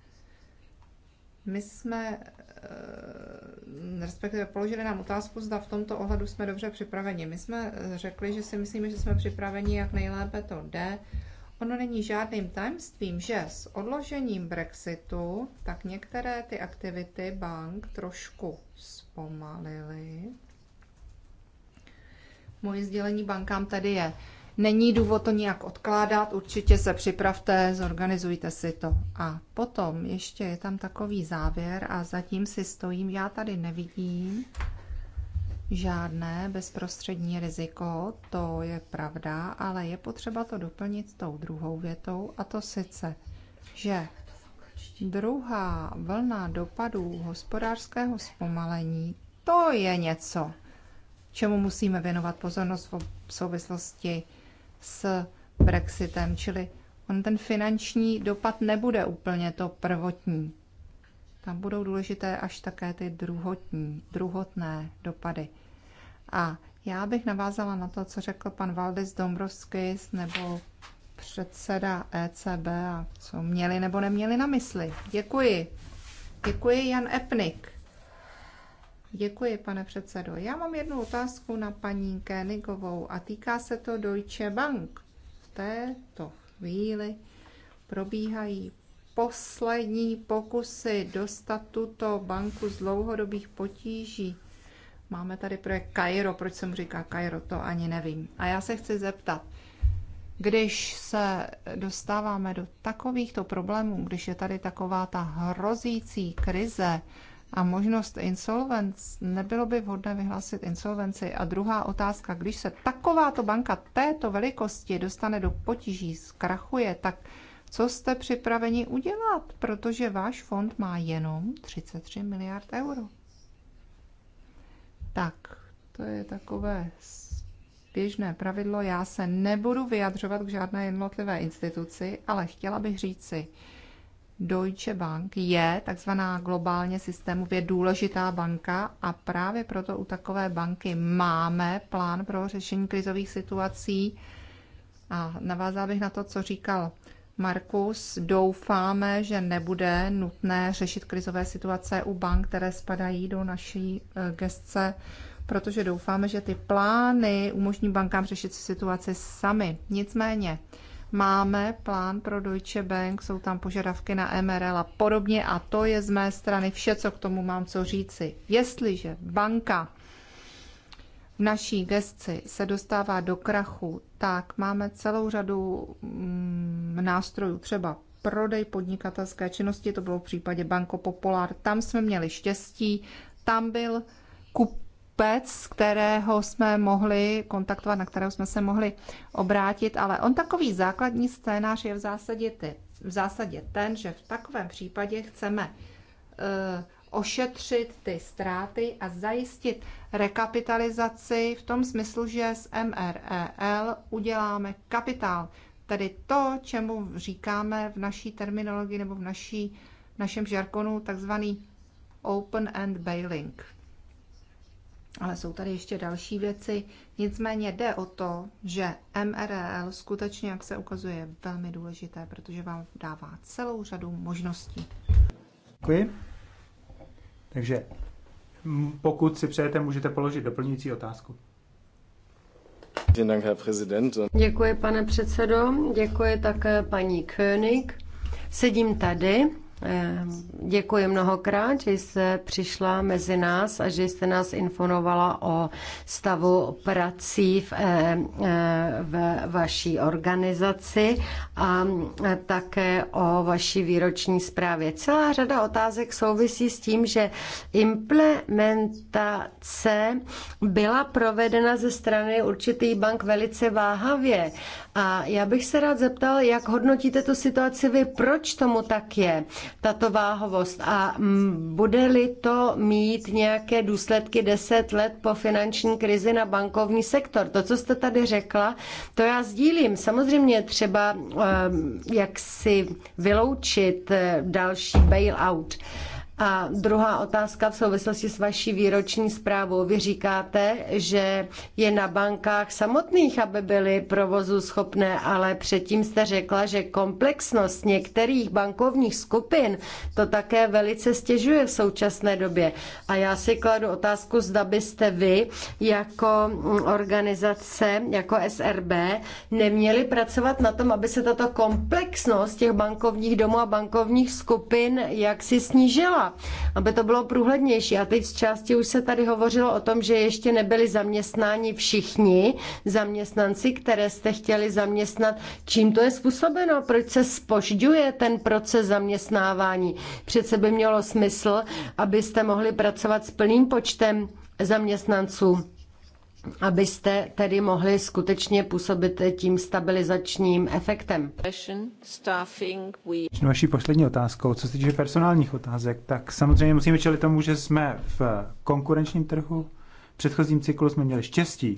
my jsme, eh, respektive položili nám otázku, zda v tomto ohledu jsme dobře připraveni. My jsme řekli, že si myslíme, že jsme připraveni, jak nejlépe to jde. Ono není žádným tajemstvím, že s odložením Brexitu tak některé ty aktivity bank trošku zpomalily. Moje sdělení bankám tady je, není důvod to nějak odkládat, určitě se připravte, zorganizujte si to. A potom ještě je tam takový závěr a zatím si stojím, já tady nevidím žádné bezprostřední riziko, to je pravda, ale je potřeba to doplnit tou druhou větou, a to sice, že druhá vlna dopadů hospodářského zpomalení, to je něco, čemu musíme věnovat pozornost v souvislosti s Brexitem, čili on ten finanční dopad nebude úplně to prvotní. Tam budou důležité až také ty druhotní, druhotné dopady. A já bych navázala na to, co řekl pan Valdis Dombrovskis nebo předseda ECB a co měli nebo neměli na mysli. Děkuji. Děkuji Jan Epnik. Děkuji, pane předsedo. Já mám jednu otázku na paní Kénigovou a týká se to Deutsche Bank. V této chvíli probíhají poslední pokusy dostat tuto banku z dlouhodobých potíží. Máme tady projekt Kairo, proč se mu říká Kairo, to ani nevím. A já se chci zeptat, když se dostáváme do takovýchto problémů, když je tady taková ta hrozící krize a možnost insolvenc, nebylo by vhodné vyhlásit insolvenci? A druhá otázka, když se takováto banka této velikosti dostane do potíží, zkrachuje, tak co jste připraveni udělat, protože váš fond má jenom 33 miliard euro. Tak, to je takové běžné pravidlo. Já se nebudu vyjadřovat k žádné jednotlivé instituci, ale chtěla bych říci, Deutsche Bank je takzvaná globálně systémově důležitá banka a právě proto u takové banky máme plán pro řešení krizových situací. A navázal bych na to, co říkal Markus, doufáme, že nebude nutné řešit krizové situace u bank, které spadají do naší eh, gestce, protože doufáme, že ty plány umožní bankám řešit situaci sami. Nicméně máme plán pro Deutsche Bank, jsou tam požadavky na MRL a podobně a to je z mé strany vše, co k tomu mám co říci. Jestliže banka v naší gesci se dostává do krachu, tak máme celou řadu mm, nástrojů, třeba prodej podnikatelské činnosti, to bylo v případě Banko Popular, tam jsme měli štěstí, tam byl kupec, kterého jsme mohli kontaktovat, na kterého jsme se mohli obrátit, ale on takový základní scénář je v zásadě, ty, v zásadě ten, že v takovém případě chceme eh, ošetřit ty ztráty a zajistit rekapitalizaci v tom smyslu, že z MREL uděláme kapitál. Tedy to, čemu říkáme v naší terminologii nebo v naší, v našem žarkonu takzvaný open end bailing. Ale jsou tady ještě další věci. Nicméně jde o to, že MREL skutečně, jak se ukazuje, je velmi důležité, protože vám dává celou řadu možností. Děkuji. Takže mm, pokud si přejete, můžete položit doplňující otázku. Děkuji, pane předsedo. Děkuji také paní König. Sedím tady Ehm, děkuji mnohokrát, že jste přišla mezi nás a že jste nás informovala o stavu prací v, e, e, v vaší organizaci a také o vaší výroční zprávě. Celá řada otázek souvisí s tím, že implementace byla provedena ze strany určitých bank velice váhavě a já bych se rád zeptal, jak hodnotíte tu situaci vy, proč tomu tak je, tato váhovost a bude-li to mít nějaké důsledky 10 let po finanční krizi na bankovní sektor. To, co jste tady řekla, to já sdílím. Samozřejmě třeba eh, jak si vyloučit eh, další bailout. A druhá otázka v souvislosti s vaší výroční zprávou. Vy říkáte, že je na bankách samotných, aby byly provozu schopné, ale předtím jste řekla, že komplexnost některých bankovních skupin to také velice stěžuje v současné době. A já si kladu otázku, zda byste vy jako organizace, jako SRB, neměli pracovat na tom, aby se tato komplexnost těch bankovních domů a bankovních skupin jaksi snížila aby to bylo průhlednější. A teď z části už se tady hovořilo o tom, že ještě nebyli zaměstnáni všichni zaměstnanci, které jste chtěli zaměstnat. Čím to je způsobeno? Proč se spožďuje ten proces zaměstnávání? Přece by mělo smysl, abyste mohli pracovat s plným počtem zaměstnanců abyste tedy mohli skutečně působit tím stabilizačním efektem. Naší poslední otázkou, co se týče personálních otázek, tak samozřejmě musíme čelit tomu, že jsme v konkurenčním trhu. V předchozím cyklu jsme měli štěstí,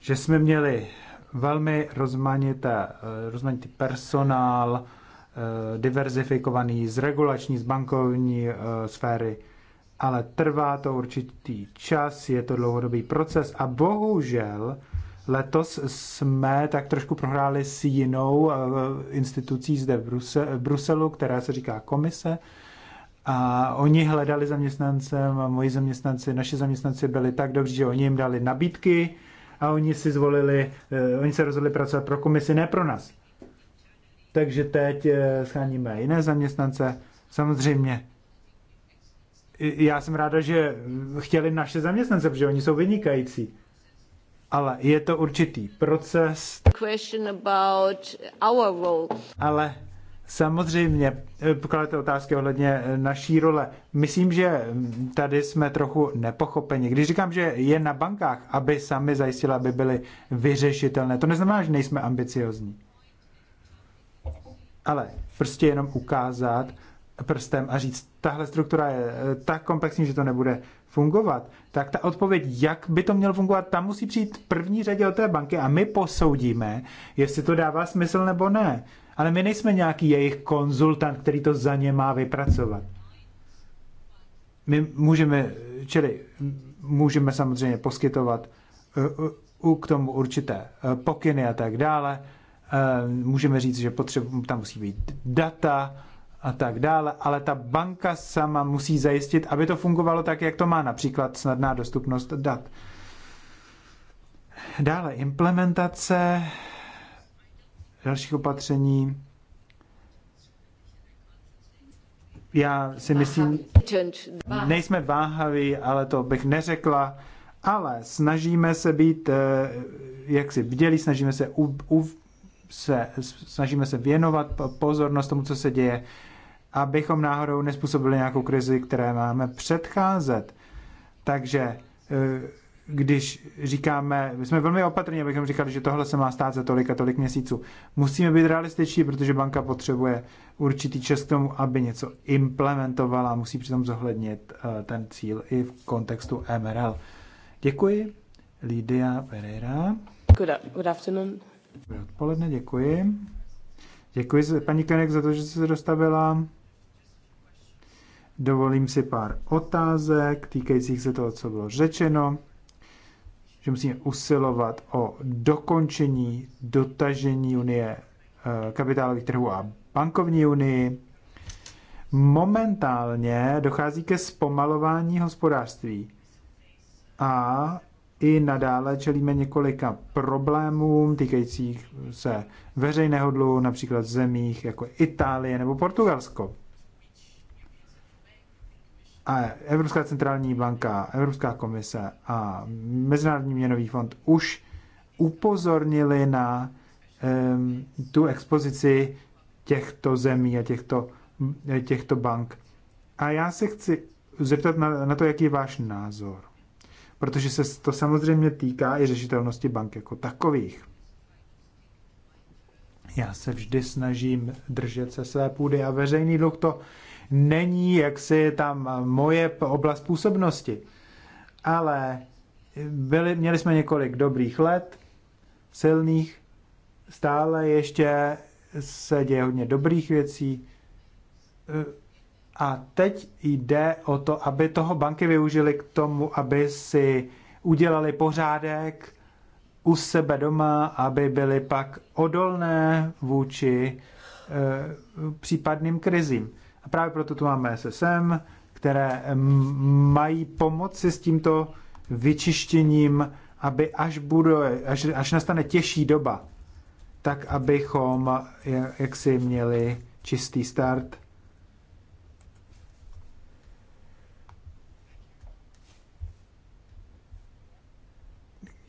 že jsme měli velmi rozmanité, rozmanitý personál, eh, diverzifikovaný z regulační, z bankovní eh, sféry, ale trvá to určitý čas, je to dlouhodobý proces a bohužel letos jsme tak trošku prohráli s jinou eh, institucí zde v, Bruse, v Bruselu, která se říká komise. A oni hledali zaměstnance, a moji zaměstnanci, naši zaměstnanci byli tak dobří, že oni jim dali nabídky a oni si zvolili, eh, oni se rozhodli pracovat pro komisi, ne pro nás. Takže teď eh, scháníme jiné zaměstnance. Samozřejmě já jsem ráda, že chtěli naše zaměstnance, protože oni jsou vynikající. Ale je to určitý proces. about our role. Ale samozřejmě eh, pokládáte otázky ohledně eh, naší role. Myslím, že mm, tady jsme trochu nepochopeni. Když říkám, že je na bankách, aby sami zajistili, aby byly vyřešitelné, to neznamená, že nejsme ambiciozní. Ale prostě jenom ukázat, prstem a říct, tahle struktura je eh, tak komplexní, že to nebude fungovat, tak ta odpověď, jak by to mělo fungovat, tam musí přijít v první řadě od té banky a my posoudíme, jestli to dává smysl nebo ne. Ale my nejsme nějaký jejich konzultant, který to za ně má vypracovat. My můžeme, čili můžeme samozřejmě poskytovat eh, k tomu určité eh, pokyny a tak dále. Můžeme říct, že potřebu, tam musí být data, a tak dále, ale ta banka sama musí zajistit, aby to fungovalo tak, jak to má, například snadná dostupnost dat. Dále implementace dalších opatření. Já si myslím, nejsme váhaví, ale to bych neřekla, ale snažíme se být, eh, jak si viděli, snažíme se u, u, se, snažíme se věnovat pozornost tomu, co se děje abychom náhodou nespůsobili nějakou krizi, které máme předcházet. Takže e, když říkáme, my jsme velmi opatrní, abychom říkali, že tohle se má stát za tolik a tolik měsíců. Musíme být realističtí, protože banka potřebuje určitý čas k tomu, aby něco implementovala, musí přitom zohlednit e, ten cíl i v kontextu MRL. Děkuji. Lidia Pereira. Good, good afternoon. Dobré odpoledne, děkuji. Děkuji paní Kenek za to, že jste se dostavila. Dovolím si pár otázek týkajících se toho, co bylo řečeno, že musíme usilovat o dokončení, dotažení unie eh, kapitálových trhů a bankovní unii. Momentálně dochází ke zpomalování hospodářství a i nadále čelíme několika problémům týkajících se veřejného dluhu, například v zemích jako Itálie nebo Portugalsko a Evropská centrální banka, Evropská komise a Mezinárodní měnový fond už upozornili na um, tu expozici těchto zemí a těchto, těchto bank. A já se chci zeptat na, na to, jaký je váš názor. Protože se to samozřejmě týká i řešitelnosti bank jako takových. Já se vždy snažím držet se své půdy a veřejný dluh to není jaksi tam moje oblast působnosti. Ale byli, měli jsme několik dobrých let, silných, stále ještě se děje hodně dobrých věcí. Eh, a teď jde o to, aby toho banky využili k tomu, aby si udělali pořádek u sebe doma, aby byly pak odolné vůči e, případným krizím. A právě proto tu máme SSM, které mají pomoci s tímto vyčištěním, aby až, bude, až, až nastane těžší doba, tak abychom jak si měli čistý start.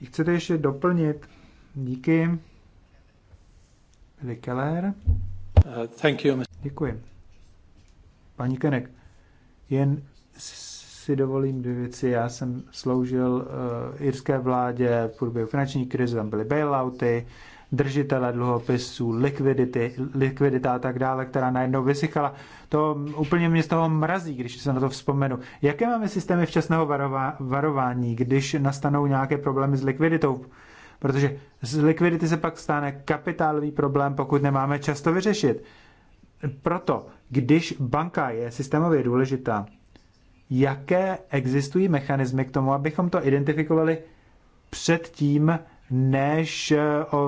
Chcete ještě doplnit? Díky. Keller. Uh, thank you. Děkuji. Paní Kenek, jen si dovolím dvě věci. Já jsem sloužil uh, irské vládě v průběhu finanční krize, tam byly bailouty, držitele dluhopisů, likvidity, likvidita a tak dále, která najednou vysychala. To úplně mě z toho mrazí, když se na to vzpomenu. Jaké máme systémy včasného varování, když nastanou nějaké problémy s likviditou? Protože z likvidity se pak stane kapitálový problém, pokud nemáme často vyřešit. Proto když banka je systémově důležitá, jaké existují mechanismy k tomu, abychom to identifikovali předtím, než eh,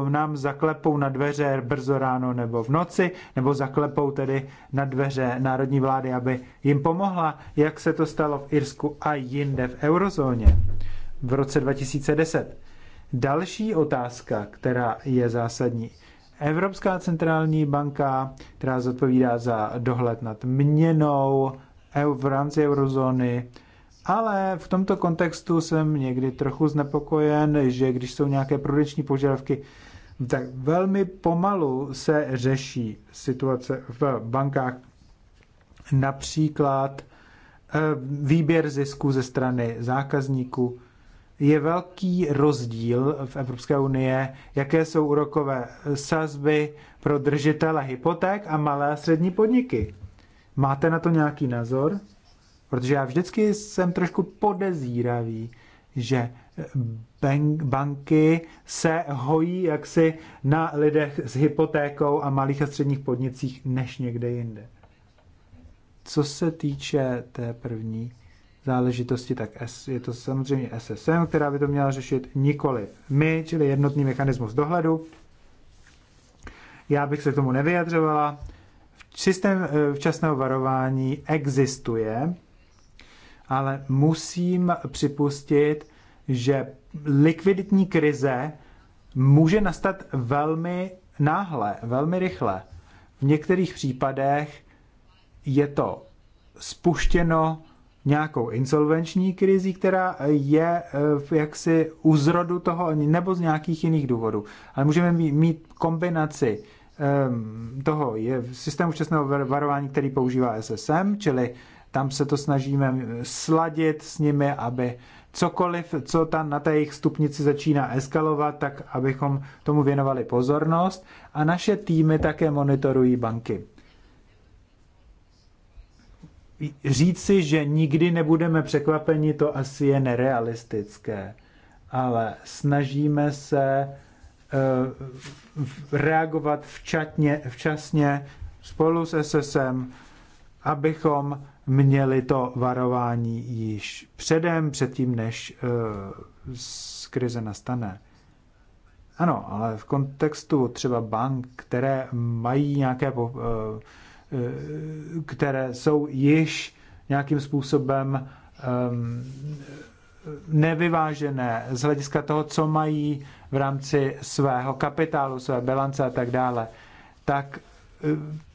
nám zaklepou na dveře brzo ráno nebo v noci, nebo zaklepou tedy na dveře národní vlády, aby jim pomohla, jak se to stalo v Irsku a jinde v eurozóně v roce 2010. Další otázka, která je zásadní, Evropská centrální banka, která zodpovídá za dohled nad měnou v rámci eurozóny, ale v tomto kontextu jsem někdy trochu znepokojen, že když jsou nějaké prudenční požadavky, tak velmi pomalu se řeší situace v bankách. Například eh, výběr zisku ze strany zákazníků je velký rozdíl v Evropské unie, jaké jsou úrokové sazby pro držitele hypoték a malé a střední podniky. Máte na to nějaký názor? Protože já vždycky jsem trošku podezíravý, že banky se hojí jaksi na lidech s hypotékou a malých a středních podnicích než někde jinde. Co se týče té první záležitosti, tak je to samozřejmě SSM, která by to měla řešit nikoli my, čili jednotný mechanismus dohledu. Já bych se k tomu nevyjadřovala. Systém eh, včasného varování existuje, ale musím připustit, že likviditní krize může nastat velmi náhle, velmi rychle. V některých případech je to spuštěno nějakou insolvenční krizi, která eh, je eh, jaksi u zrodu toho nebo z nějakých jiných důvodů. Ale můžeme mít kombinaci ehm, toho je systému včasného varování, který používá SSM, čili tam se to snažíme sladit s nimi, aby cokoliv, co tam na té jejich stupnici začíná eskalovat, tak abychom tomu věnovali pozornost. A naše týmy také monitorují banky říci, že nikdy nebudeme překvapeni, to asi je nerealistické, ale snažíme se eh, reagovat včatně, včasně spolu s SSM, abychom měli to varování již předem, předtím, než eh, z krize nastane. Ano, ale v kontextu třeba bank, které mají nějaké eh, které jsou již nějakým způsobem nevyvážené z hlediska toho, co mají v rámci svého kapitálu, své bilance a tak dále, tak eh,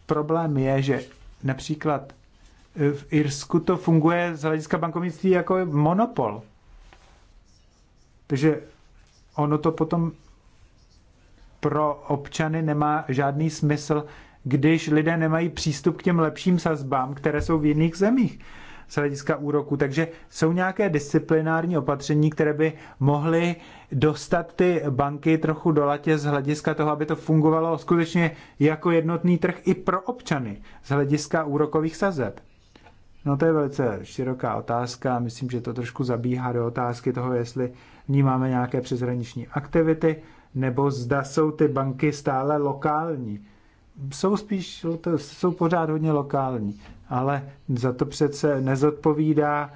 problém je, že například eh, v Irsku to funguje z hlediska bankovnictví jako monopol. Takže ono to potom pro občany nemá žádný smysl, když lidé nemají přístup k těm lepším sazbám, které jsou v jiných zemích z hlediska úroku. Takže jsou nějaké disciplinární opatření, které by mohly dostat ty banky trochu do latě z hlediska toho, aby to fungovalo skutečně jako jednotný trh i pro občany z hlediska úrokových sazeb. No to je velice široká otázka. Myslím, že to trošku zabíhá do otázky toho, jestli vnímáme nějaké přeshraniční aktivity, nebo zda jsou ty banky stále lokální jsou spíš, jsou pořád hodně lokální, ale za to přece nezodpovídá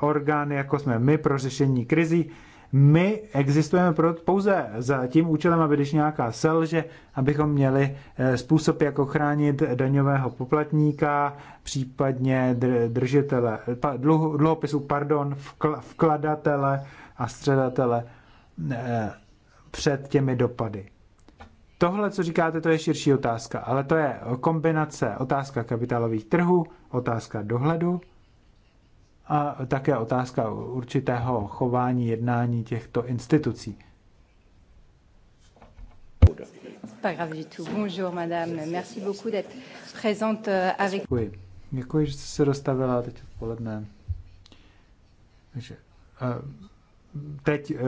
orgány jako jsme my pro řešení krizí. My existujeme pro pouze za tím účelem, aby když nějaká selže, abychom měli eh, způsob, jak ochránit daňového poplatníka, případně držitele dluhopisu, pardon, vkladatele a středatele eh, před těmi dopady. Tohle, co říkáte, to je širší otázka, ale to je kombinace otázka kapitálových trhů, otázka dohledu a také otázka určitého chování, jednání těchto institucí. Euh, Děkuji. Děkuji, že jste se dostavila teď odpoledne. Takže, uh, teď eh,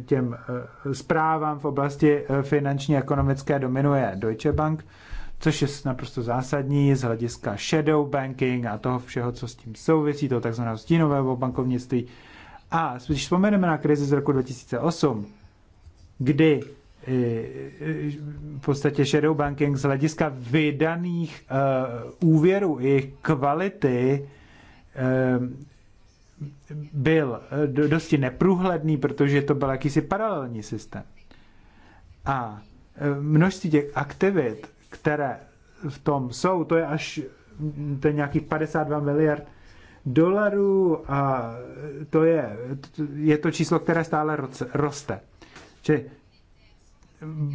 těm eh, zprávám v oblasti eh, finanční a ekonomické dominuje Deutsche Bank, což je naprosto zásadní z hlediska shadow banking a toho všeho, co s tím souvisí, toho takzvaného stínového bankovnictví. A když vzpomeneme na krizi z roku 2008, kdy v podstatě shadow banking z hlediska vydaných úvěrů i jejich kvality byl eh, dosti neprůhledný, protože to byl jakýsi paralelní systém. A eh, množství těch aktivit, které v tom jsou, to je až hm, to je nějakých 52 miliard dolarů a eh, to je, je to číslo, které stále roste. Čili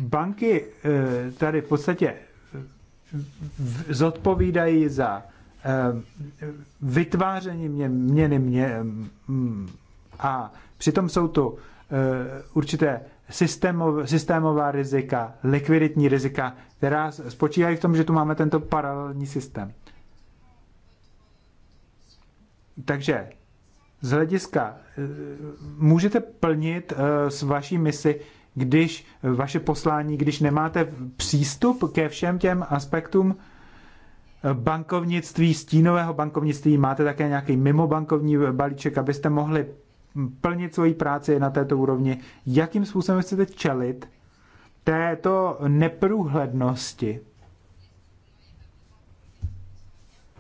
banky tady v podstatě zodpovídají za Eh, vytváření mě, měny mě, mm, a přitom jsou tu eh, určité systémová rizika, likviditní rizika, která spočívají v tom, že tu máme tento paralelní systém. Takže z hlediska eh, můžete plnit s vaší misi, když vaše poslání, když nemáte přístup ke všem těm aspektům bankovnictví, stínového bankovnictví, máte také nějaký mimobankovní balíček, abyste mohli plnit svoji práci na této úrovni. Jakým způsobem chcete čelit této neprůhlednosti?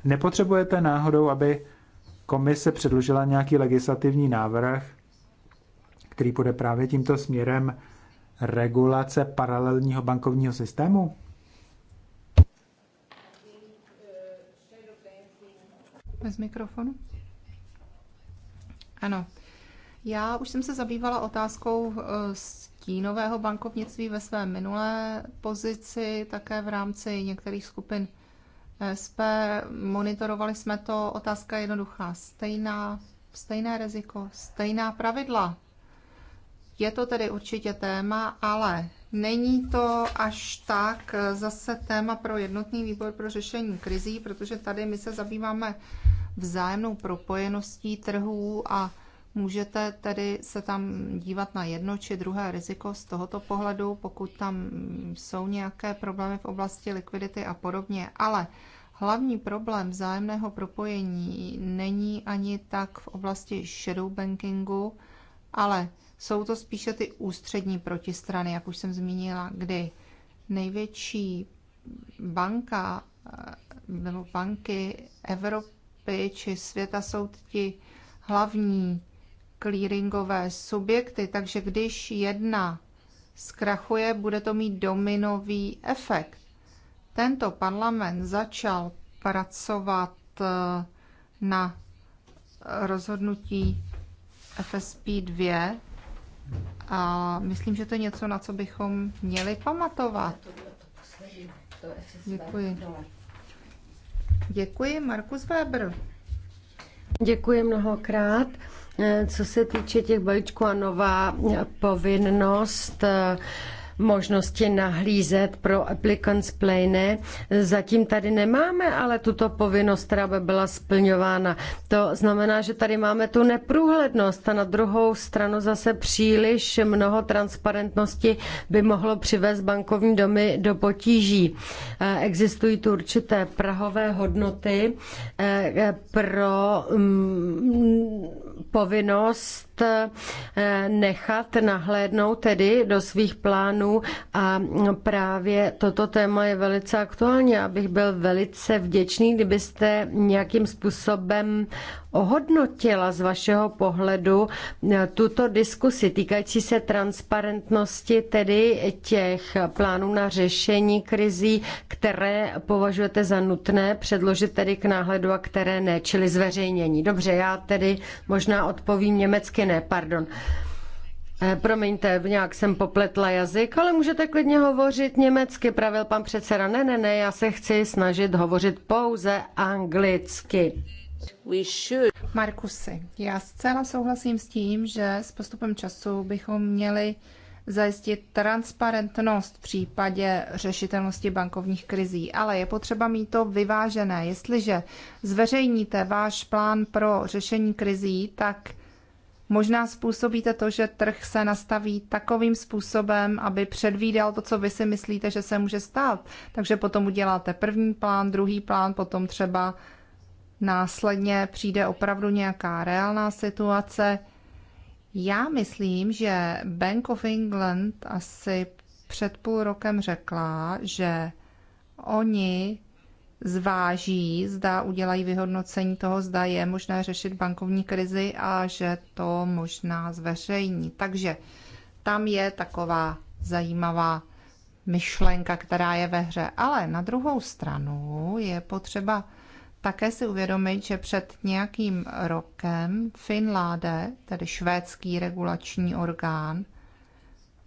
Nepotřebujete náhodou, aby komise předložila nějaký legislativní návrh, který bude právě tímto směrem regulace paralelního bankovního systému? bez mikrofonu. Ano. Já už jsem se zabývala otázkou eh, stínového bankovnictví ve své minulé pozici, také v rámci některých skupin SP. Monitorovali jsme to, otázka je jednoduchá. Stejná, stejné riziko, stejná pravidla. Je to tedy určitě téma, ale Není to až tak zase téma pro jednotný výbor pro řešení krizí, protože tady my se zabýváme vzájemnou propojeností trhů a můžete tedy se tam dívat na jedno či druhé riziko z tohoto pohledu, pokud tam jsou nějaké problémy v oblasti likvidity a podobně. Ale hlavní problém vzájemného propojení není ani tak v oblasti shadow bankingu, ale jsou to spíše ty ústřední protistrany, jak už jsem zmínila, kdy největší banka eh, nebo banky Evropy či světa jsou ti hlavní clearingové subjekty, takže když jedna zkrachuje, bude to mít dominový efekt. Tento parlament začal pracovat eh, na rozhodnutí FSP 2 a myslím, že to je něco, na co bychom měli pamatovat. Děkuji. Děkuji, Markus Weber. Děkuji mnohokrát. Co se týče těch balíčků a nová povinnost, možnosti nahlízet pro applicants plane. Zatím tady nemáme, ale tuto povinnost, která by byla splňována. To znamená, že tady máme tu neprůhlednost a na druhou stranu zase příliš mnoho transparentnosti by mohlo přivést bankovní domy do potíží. Eh, existují tu určité prahové hodnoty eh, pro mm, povinnost Eh, nechat nahlédnout tedy do svých plánů a právě toto téma je velice aktuální. Já bych byl velice vděčný, kdybyste nějakým způsobem ohodnotila z vašeho pohledu eh, tuto diskusi týkající se transparentnosti, tedy těch plánů na řešení krizí, které považujete za nutné předložit tedy k náhledu a které ne, čili zveřejnění. Dobře, já tedy možná odpovím německy, ne, pardon. Eh, promiňte, nějak jsem popletla jazyk, ale můžete klidně hovořit německy, pravil pan předseda. Ne, ne, ne, já se chci snažit hovořit pouze anglicky. Markuse, já zcela souhlasím s tím, že s postupem času bychom měli zajistit transparentnost v případě řešitelnosti bankovních krizí, ale je potřeba mít to vyvážené. Jestliže zveřejníte váš plán pro řešení krizí, tak možná způsobíte to, že trh se nastaví takovým způsobem, aby předvídal to, co vy si myslíte, že se může stát. Takže potom uděláte první plán, druhý plán, potom třeba následně přijde opravdu nějaká reálná situace. Já myslím, že Bank of England asi před půl rokem řekla, že oni zváží, zda udělají vyhodnocení toho, zda je možné řešit bankovní krizi a že to možná zveřejní. Takže tam je taková zajímavá myšlenka, která je ve hře. Ale na druhou stranu je potřeba také si uvědomit, že před nějakým rokem Finláde, tedy švédský regulační orgán,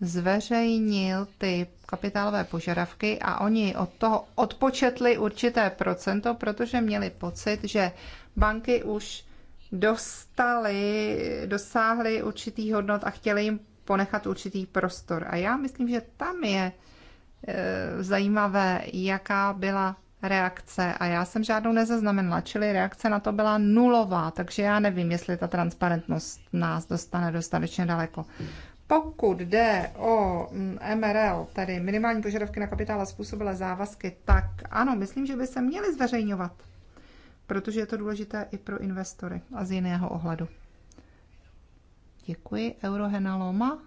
zveřejnil ty kapitálové požadavky a oni od toho odpočetli určité procento, protože měli pocit, že banky už dostali, dosáhly určitých hodnot a chtěli jim ponechat určitý prostor. A já myslím, že tam je e, zajímavé, jaká byla reakce a já jsem žádnou nezaznamenala, čili reakce na to byla nulová, takže já nevím, jestli ta transparentnost nás dostane dostatečně daleko. Pokud jde o MRL, mm, tedy minimální požadavky na kapitál a způsobilé závazky, tak ano, myslím, že by se měly zveřejňovat, protože je to důležité i pro investory a z jiného ohledu. Děkuji. Eurohena Loma.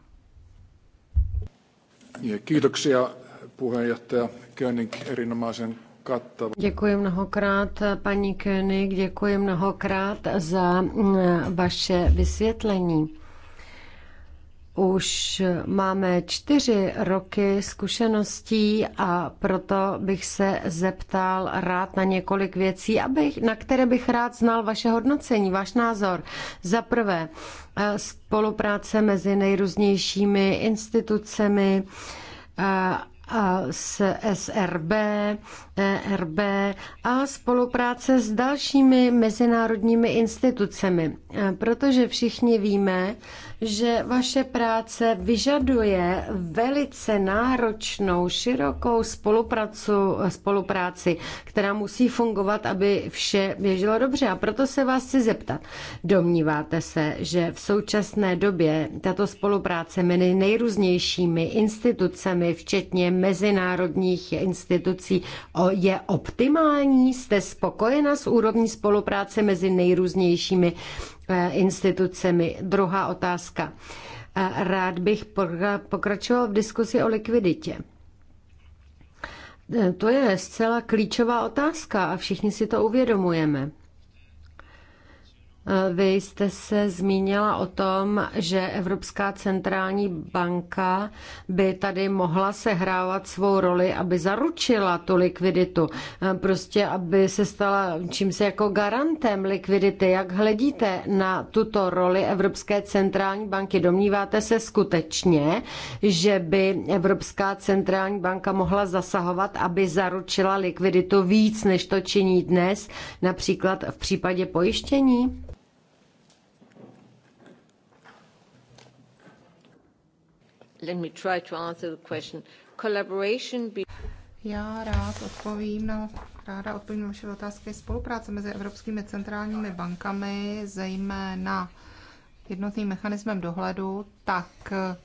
Kiitoksia puheenjohtaja König erinomaisen Děkuji mnohokrát, paní König, děkuji mnohokrát za eh, vaše vysvětlení. Už máme čtyři roky zkušeností a proto bych se zeptal rád na několik věcí, abych, na které bych rád znal vaše hodnocení, váš názor. Za prvé, eh, spolupráce mezi nejrůznějšími institucemi eh, a s SRB, ERB a spolupráce s dalšími mezinárodními institucemi, protože všichni víme, že vaše práce vyžaduje velice náročnou, širokou spolupráci, která musí fungovat, aby vše běželo dobře. A proto se vás chci zeptat. Domníváte se, že v současné době tato spolupráce mezi nejrůznějšími institucemi, včetně mezinárodních institucí, je optimální? Jste spokojena s úrovní spolupráce mezi nejrůznějšími Eh, institucemi. Druhá otázka. Eh, rád bych pokračoval v diskusi o likviditě. Eh, to je zcela klíčová otázka a všichni si to uvědomujeme. Vy jste se zmínila o tom, že Evropská centrální banka by tady mohla sehrávat svou roli, aby zaručila tu likviditu, prostě aby se stala čím se jako garantem likvidity. Jak hledíte na tuto roli Evropské centrální banky? Domníváte se skutečně, že by Evropská centrální banka mohla zasahovat, aby zaručila likviditu víc, než to činí dnes, například v případě pojištění? Let me try to answer the question. Collaboration be... Já rád odpovím na, ráda odpovím na vaše otázky. Spolupráce mezi evropskými centrálními bankami, zejména jednotným mechanismem dohledu, tak eh,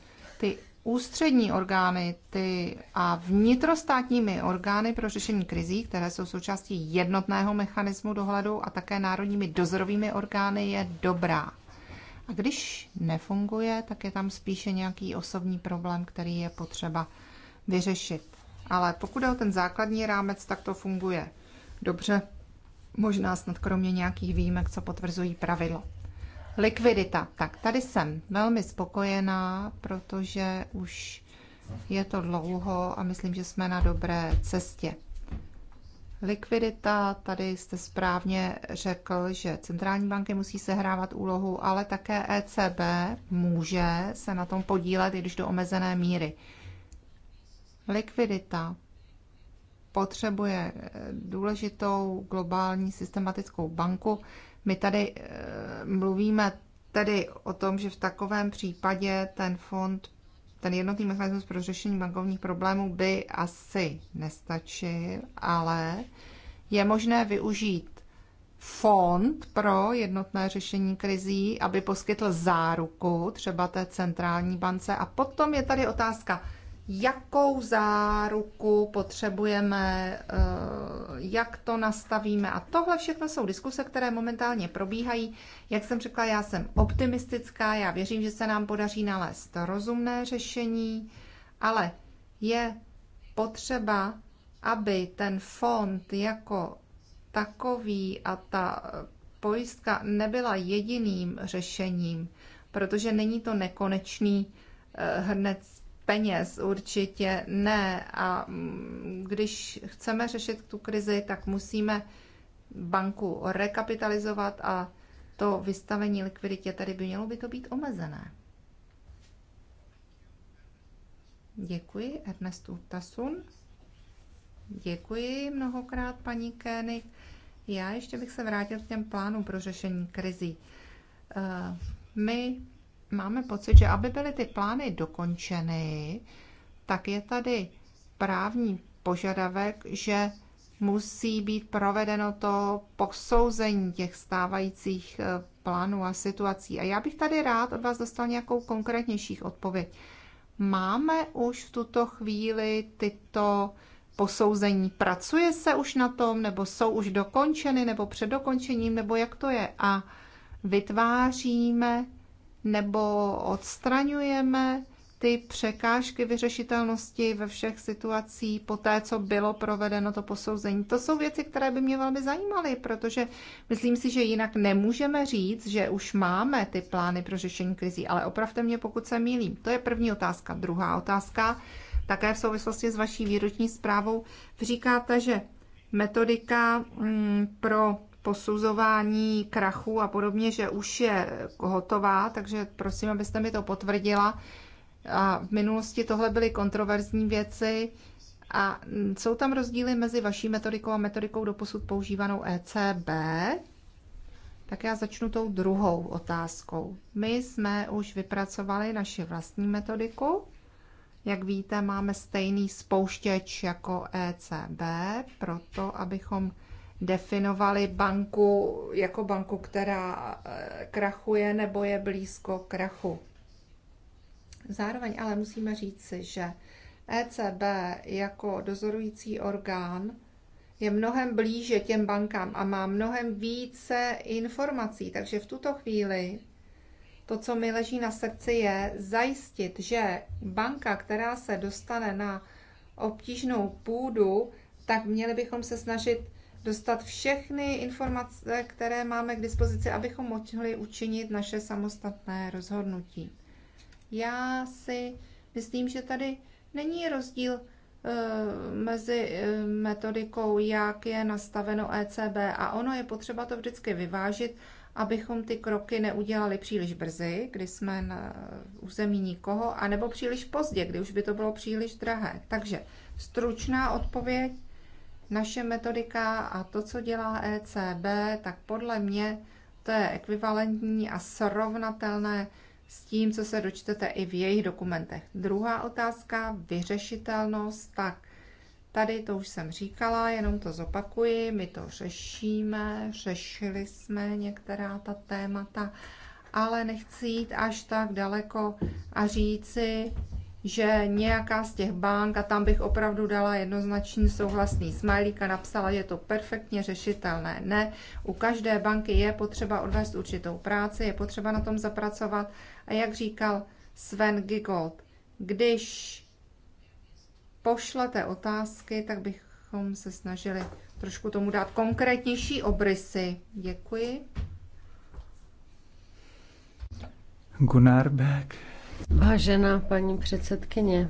ty ústřední orgány ty a vnitrostátními orgány pro řešení krizí, které jsou součástí jednotného mechanismu dohledu a také národními dozorovými orgány, je dobrá. A když nefunguje, tak je tam spíše nějaký osobní problém, který je potřeba vyřešit. Ale pokud je o ten základní rámec, tak to funguje dobře. Možná snad kromě nějakých výjimek, co potvrzují pravidlo. Likvidita. Tak tady jsem velmi spokojená, protože už je to dlouho a myslím, že jsme na dobré cestě. Likvidita, tady jste správně řekl, že centrální banky musí sehrávat úlohu, ale také ECB může se na tom podílet, i když do omezené míry. Likvidita potřebuje eh, důležitou globální systematickou banku. My tady eh, mluvíme tedy o tom, že v takovém případě ten fond ten jednotný mechanismus pro řešení bankovních problémů by asi nestačil, ale je možné využít fond pro jednotné řešení krizí, aby poskytl záruku třeba té centrální bance. A potom je tady otázka, jakou záruku potřebujeme, eh, jak to nastavíme. A tohle všechno jsou diskuse, které momentálně probíhají. Jak jsem řekla, já jsem optimistická, já věřím, že se nám podaří nalézt rozumné řešení, ale je potřeba, aby ten fond jako takový a ta pojistka nebyla jediným řešením, protože není to nekonečný hrnec eh, peněz, určitě ne. A mm, když chceme řešit tu krizi, tak musíme banku rekapitalizovat a to vystavení likviditě tady by mělo by to být omezené. Děkuji Ernestu Tasun. Děkuji mnohokrát, paní Kény. Já ještě bych se vrátil k těm plánům pro řešení krizí. Eh, my máme pocit, že aby byly ty plány dokončeny, tak je tady právní požadavek, že musí být provedeno to posouzení těch stávajících eh, plánů a situací. A já bych tady rád od vás dostal nějakou konkrétnějších odpověď. Máme už v tuto chvíli tyto posouzení? Pracuje se už na tom, nebo jsou už dokončeny, nebo před dokončením, nebo jak to je? A vytváříme nebo odstraňujeme ty překážky vyřešitelnosti ve všech situacích po té, co bylo provedeno to posouzení. To jsou věci, které by mě velmi zajímaly, protože myslím si, že jinak nemůžeme říct, že už máme ty plány pro řešení krizí, ale opravdu mě, pokud se mýlím. To je první otázka. Druhá otázka, také v souvislosti s vaší výroční zprávou, říkáte, že metodika mm, pro posuzování krachu a podobně, že už je hotová, takže prosím, abyste mi to potvrdila. A v minulosti tohle byly kontroverzní věci a jsou tam rozdíly mezi vaší metodikou a metodikou doposud používanou ECB. Tak já začnu tou druhou otázkou. My jsme už vypracovali naši vlastní metodiku. Jak víte, máme stejný spouštěč jako ECB, proto abychom definovali banku jako banku, která eh, krachuje nebo je blízko krachu. Zároveň ale musíme říci, že ECB jako dozorující orgán je mnohem blíže těm bankám a má mnohem více informací. Takže v tuto chvíli to, co mi leží na srdci, je zajistit, že banka, která se dostane na obtížnou půdu, tak měli bychom se snažit dostat všechny informace, které máme k dispozici, abychom mohli učinit naše samostatné rozhodnutí. Já si myslím, že tady není rozdíl eh, mezi eh, metodikou, jak je nastaveno ECB a ono je potřeba to vždycky vyvážit, abychom ty kroky neudělali příliš brzy, kdy jsme na území nikoho, anebo příliš pozdě, kdy už by to bylo příliš drahé. Takže stručná odpověď naše metodika a to, co dělá ECB, tak podle mě to je ekvivalentní a srovnatelné s tím, co se dočtete i v jejich dokumentech. Druhá otázka, vyřešitelnost, tak tady to už jsem říkala, jenom to zopakuji, my to řešíme, řešili jsme některá ta témata, ale nechci jít až tak daleko a říci, že nějaká z těch bank, a tam bych opravdu dala jednoznačný souhlasný smajlík a napsala, je to perfektně řešitelné. Ne, u každé banky je potřeba odvést určitou práci, je potřeba na tom zapracovat. A jak říkal Sven Gigold, když pošlete otázky, tak bychom se snažili trošku tomu dát konkrétnější obrysy. Děkuji. Gunnar Beck. Vážená paní předsedkyně,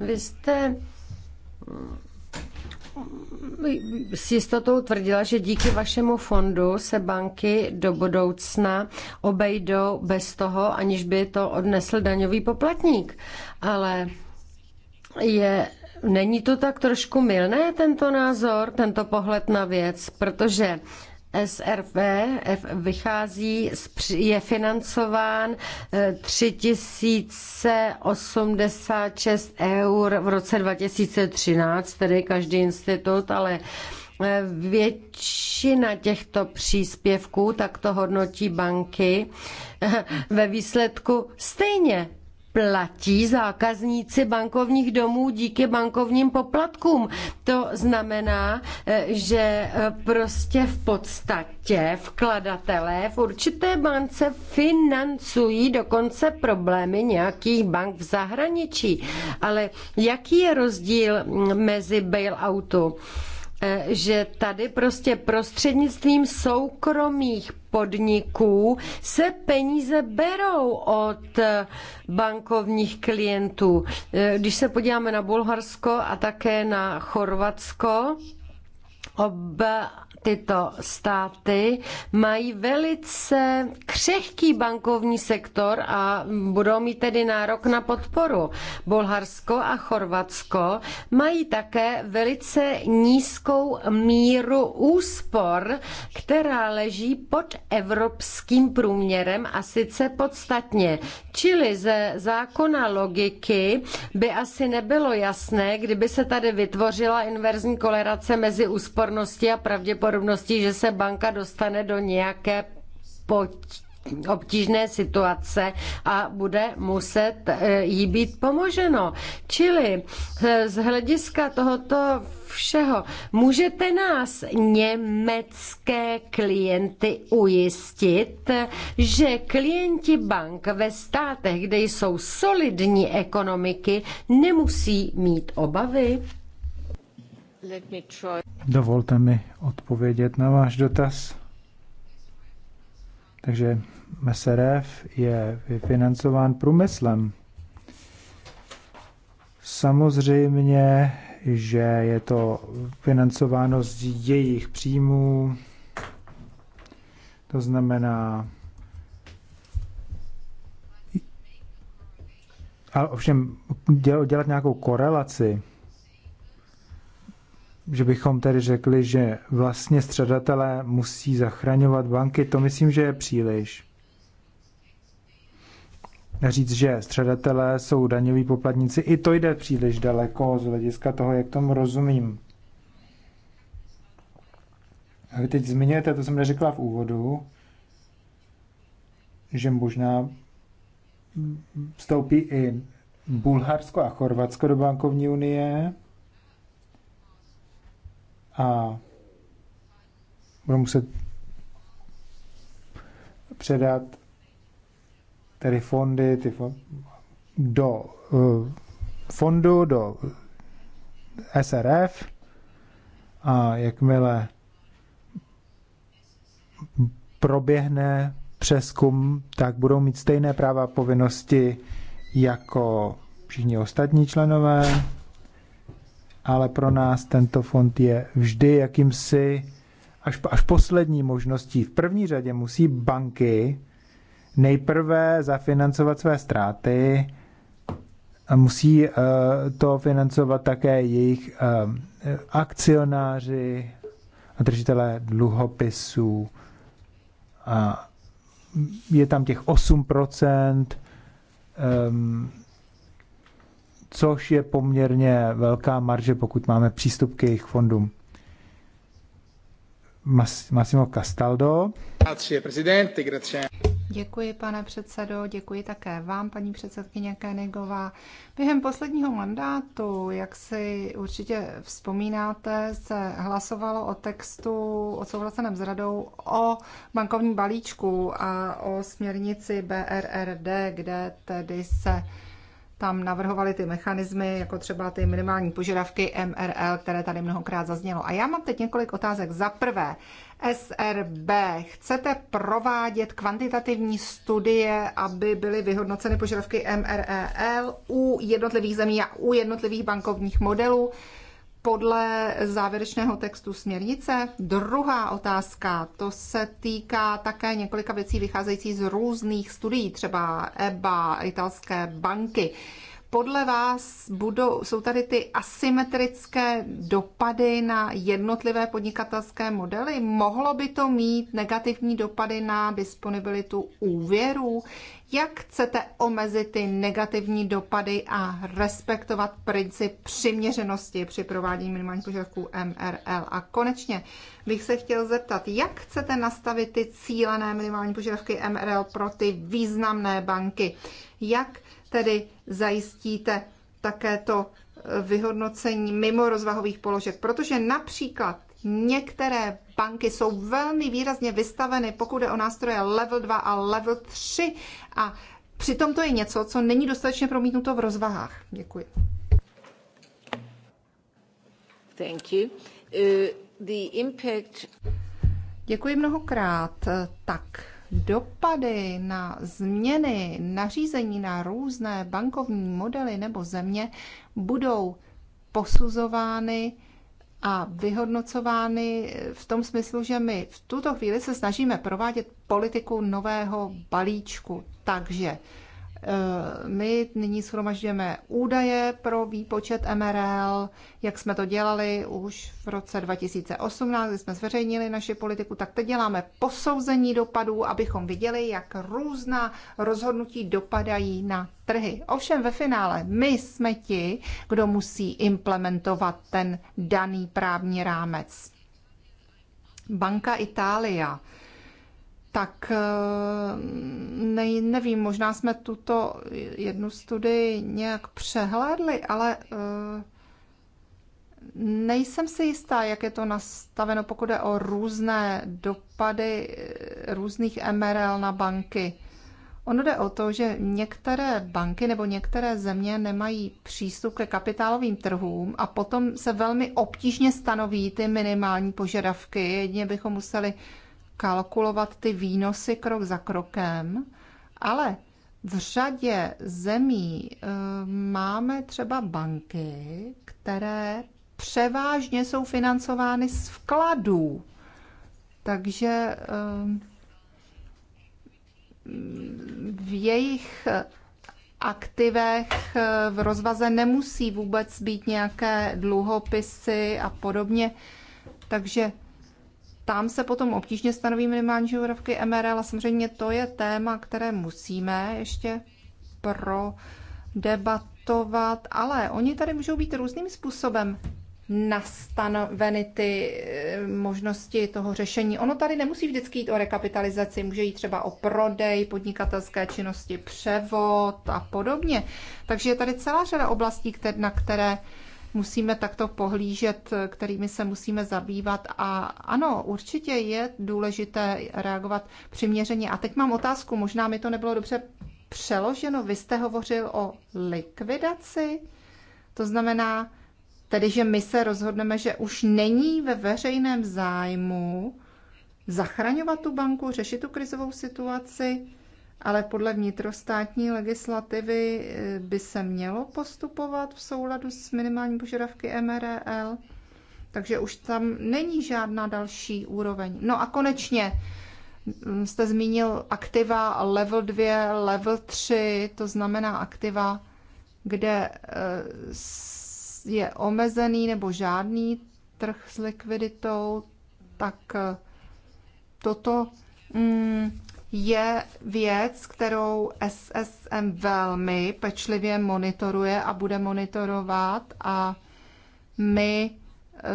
vy jste mm, s jistotou tvrdila, že díky vašemu fondu se banky do budoucna obejdou bez toho, aniž by to odnesl daňový poplatník. Ale je Není to tak trošku milné tento názor, tento pohled na věc, protože SRV vychází, je financován 3086 eh, eur v roce 2013, tedy každý institut, ale eh, Většina těchto příspěvků, tak to hodnotí banky, eh, ve výsledku stejně platí zákazníci bankovních domů díky bankovním poplatkům. To znamená, eh, že eh, prostě v podstatě vkladatelé v určité bance financují dokonce problémy nějakých bank v zahraničí. Ale jaký je rozdíl mm, mezi bailoutu? Eh, že tady prostě prostřednictvím soukromých podniků se peníze berou od eh, bankovních klientů. Eh, když se podíváme na Bulharsko a také na Chorvatsko, oba tyto státy mají velice křehký bankovní sektor a budou mít tedy nárok na podporu. Bulharsko a Chorvatsko mají také velice nízkou míru úspor, která leží pod evropským průměrem a sice podstatně. Čili ze zákona logiky by asi nebylo jasné, kdyby se tady vytvořila inverzní kolerace mezi úsporností a pravděpodobností pravděpodobností, že se banka dostane do nějaké obtížné situace a bude muset eh, jí být pomoženo. Čili eh, z hlediska tohoto všeho můžete nás německé klienty ujistit, že klienti bank ve státech, kde jsou solidní ekonomiky, nemusí mít obavy? Dovolte mi odpovědět na váš dotaz. Takže MSRF je financován průmyslem. Samozřejmě, že je to financováno z jejich příjmů, to znamená, ale ovšem dělat nějakou korelaci že bychom tedy řekli, že vlastně středatelé musí zachraňovat banky, to myslím, že je příliš. Říct, že středatelé jsou daňoví poplatníci, i to jde příliš daleko z hlediska toho, jak tomu rozumím. A vy teď zmiňujete, to jsem neřekla v úvodu, že možná vstoupí i Bulharsko a Chorvatsko do bankovní unie, a budu muset předat tedy fondy ty fond, do uh, fondu, do SRF a jakmile proběhne přeskum, tak budou mít stejné práva a povinnosti jako všichni ostatní členové ale pro nás tento fond je vždy jakýmsi až, až poslední možností. V první řadě musí banky nejprve zafinancovat své ztráty a musí uh, to financovat také jejich uh, akcionáři a držitelé dluhopisů. A je tam těch 8 um, což je poměrně velká marže, pokud máme přístup k jejich fondům. Massimo Castaldo. Děkuji, pane předsedo, děkuji také vám, paní předsedkyně Kenigová. Během posledního mandátu, jak si určitě vzpomínáte, se hlasovalo o textu odsouhlaseném s radou o bankovním balíčku a o směrnici BRRD, kde tedy se tam navrhovali ty mechanismy, jako třeba ty minimální požadavky MRL, které tady mnohokrát zaznělo. A já mám teď několik otázek. Za prvé, SRB, chcete provádět kvantitativní studie, aby byly vyhodnoceny požadavky MRL e u jednotlivých zemí a u jednotlivých bankovních modelů? podle závěrečného textu směrnice. Druhá otázka, to se týká také několika věcí vycházející z různých studií, třeba EBA, italské banky podle vás budou, jsou tady ty asymetrické dopady na jednotlivé podnikatelské modely? Mohlo by to mít negativní dopady na disponibilitu úvěrů? Jak chcete omezit ty negativní dopady a respektovat princip přiměřenosti při provádění minimálních požadavků MRL? A konečně bych se chtěl zeptat, jak chcete nastavit ty cílené minimální požadavky MRL pro ty významné banky? Jak tedy zajistíte také to eh, vyhodnocení mimo rozvahových položek, protože například některé banky jsou velmi výrazně vystaveny, pokud je o nástroje level 2 a level 3 a přitom to je něco, co není dostatečně promítnuto v rozvahách. Děkuji. Thank you. Uh, the impact... Děkuji mnohokrát. Eh, tak, dopady na změny nařízení na různé bankovní modely nebo země budou posuzovány a vyhodnocovány v tom smyslu, že my v tuto chvíli se snažíme provádět politiku nového balíčku. Takže Eh, my nyní shromažďujeme údaje pro výpočet MRL, jak jsme to dělali už v roce 2018, kdy jsme zveřejnili naši politiku, tak teď děláme posouzení dopadů, abychom viděli, jak různá rozhodnutí dopadají na trhy. Ovšem ve finále my jsme ti, kdo musí implementovat ten daný právní rámec. Banka Itália tak eh, ne, nevím, možná jsme tuto jednu studii nějak přehlédli, ale eh, nejsem si jistá, jak je to nastaveno, pokud je o různé dopady eh, různých MRL na banky. Ono jde o to, že některé banky nebo některé země nemají přístup ke kapitálovým trhům a potom se velmi obtížně stanoví ty minimální požadavky. Jedně bychom museli kalkulovat ty výnosy krok za krokem, ale v řadě zemí eh, máme třeba banky, které převážně jsou financovány z vkladů. Takže eh, v jejich aktivech eh, v rozvaze nemusí vůbec být nějaké dluhopisy a podobně. Takže tam se potom obtížně stanoví minimální živovky MRL a samozřejmě to je téma, které musíme ještě pro debatovat, ale oni tady můžou být různým způsobem nastanoveny ty eh, možnosti toho řešení. Ono tady nemusí vždycky jít o rekapitalizaci, může jít třeba o prodej, podnikatelské činnosti, převod a podobně. Takže je tady celá řada oblastí, na které musíme takto pohlížet, kterými se musíme zabývat. A ano, určitě je důležité reagovat přiměřeně. A teď mám otázku, možná mi to nebylo dobře přeloženo. Vy jste hovořil o likvidaci, to znamená, tedy, že my se rozhodneme, že už není ve veřejném zájmu zachraňovat tu banku, řešit tu krizovou situaci ale podle vnitrostátní legislativy eh, by se mělo postupovat v souladu s minimální požadavky MRL, takže už tam není žádná další úroveň. No a konečně mm, jste zmínil aktiva level 2, level 3, to znamená aktiva, kde eh, je omezený nebo žádný trh s likviditou, tak eh, toto mm, je věc, kterou SSM velmi pečlivě monitoruje a bude monitorovat a my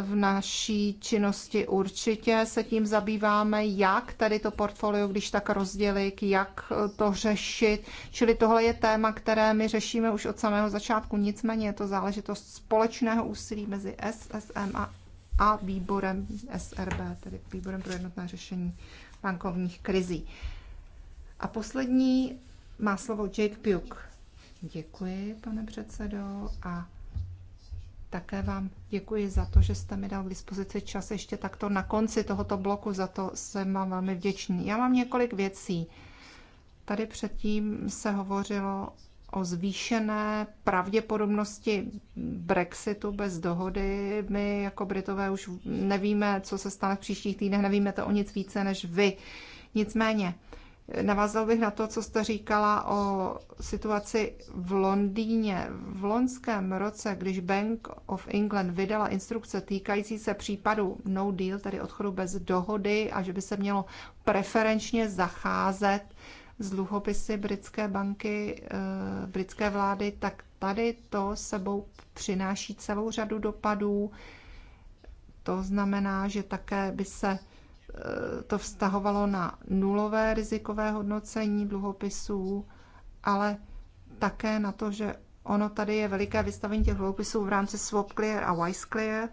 v naší činnosti určitě se tím zabýváme, jak tady to portfolio, když tak rozdělit, jak to řešit. Čili tohle je téma, které my řešíme už od samého začátku. Nicméně je to záležitost společného úsilí mezi SSM a, a výborem SRB, tedy výborem pro jednotné řešení bankovních krizí. A poslední má slovo Jake Puk. Děkuji, pane předsedo, a také vám děkuji za to, že jste mi dal k dispozici čas ještě takto na konci tohoto bloku, za to jsem vám velmi vděčný. Já mám několik věcí. Tady předtím se hovořilo o zvýšené pravděpodobnosti Brexitu bez dohody. My jako Britové už nevíme, co se stane v příštích týdnech, nevíme to o nic více než vy. Nicméně, Navázal bych na to, co jste říkala o situaci v Londýně. V loňském roce, když Bank of England vydala instrukce týkající se případu no deal, tedy odchodu bez dohody a že by se mělo preferenčně zacházet z dluhopisy britské banky, eh, britské vlády, tak tady to sebou přináší celou řadu dopadů. To znamená, že také by se Eh, to vztahovalo na nulové rizikové hodnocení dluhopisů, ale také na to, že ono tady je veliké vystavení těch dluhopisů v rámci Swap Clear a Wise Clear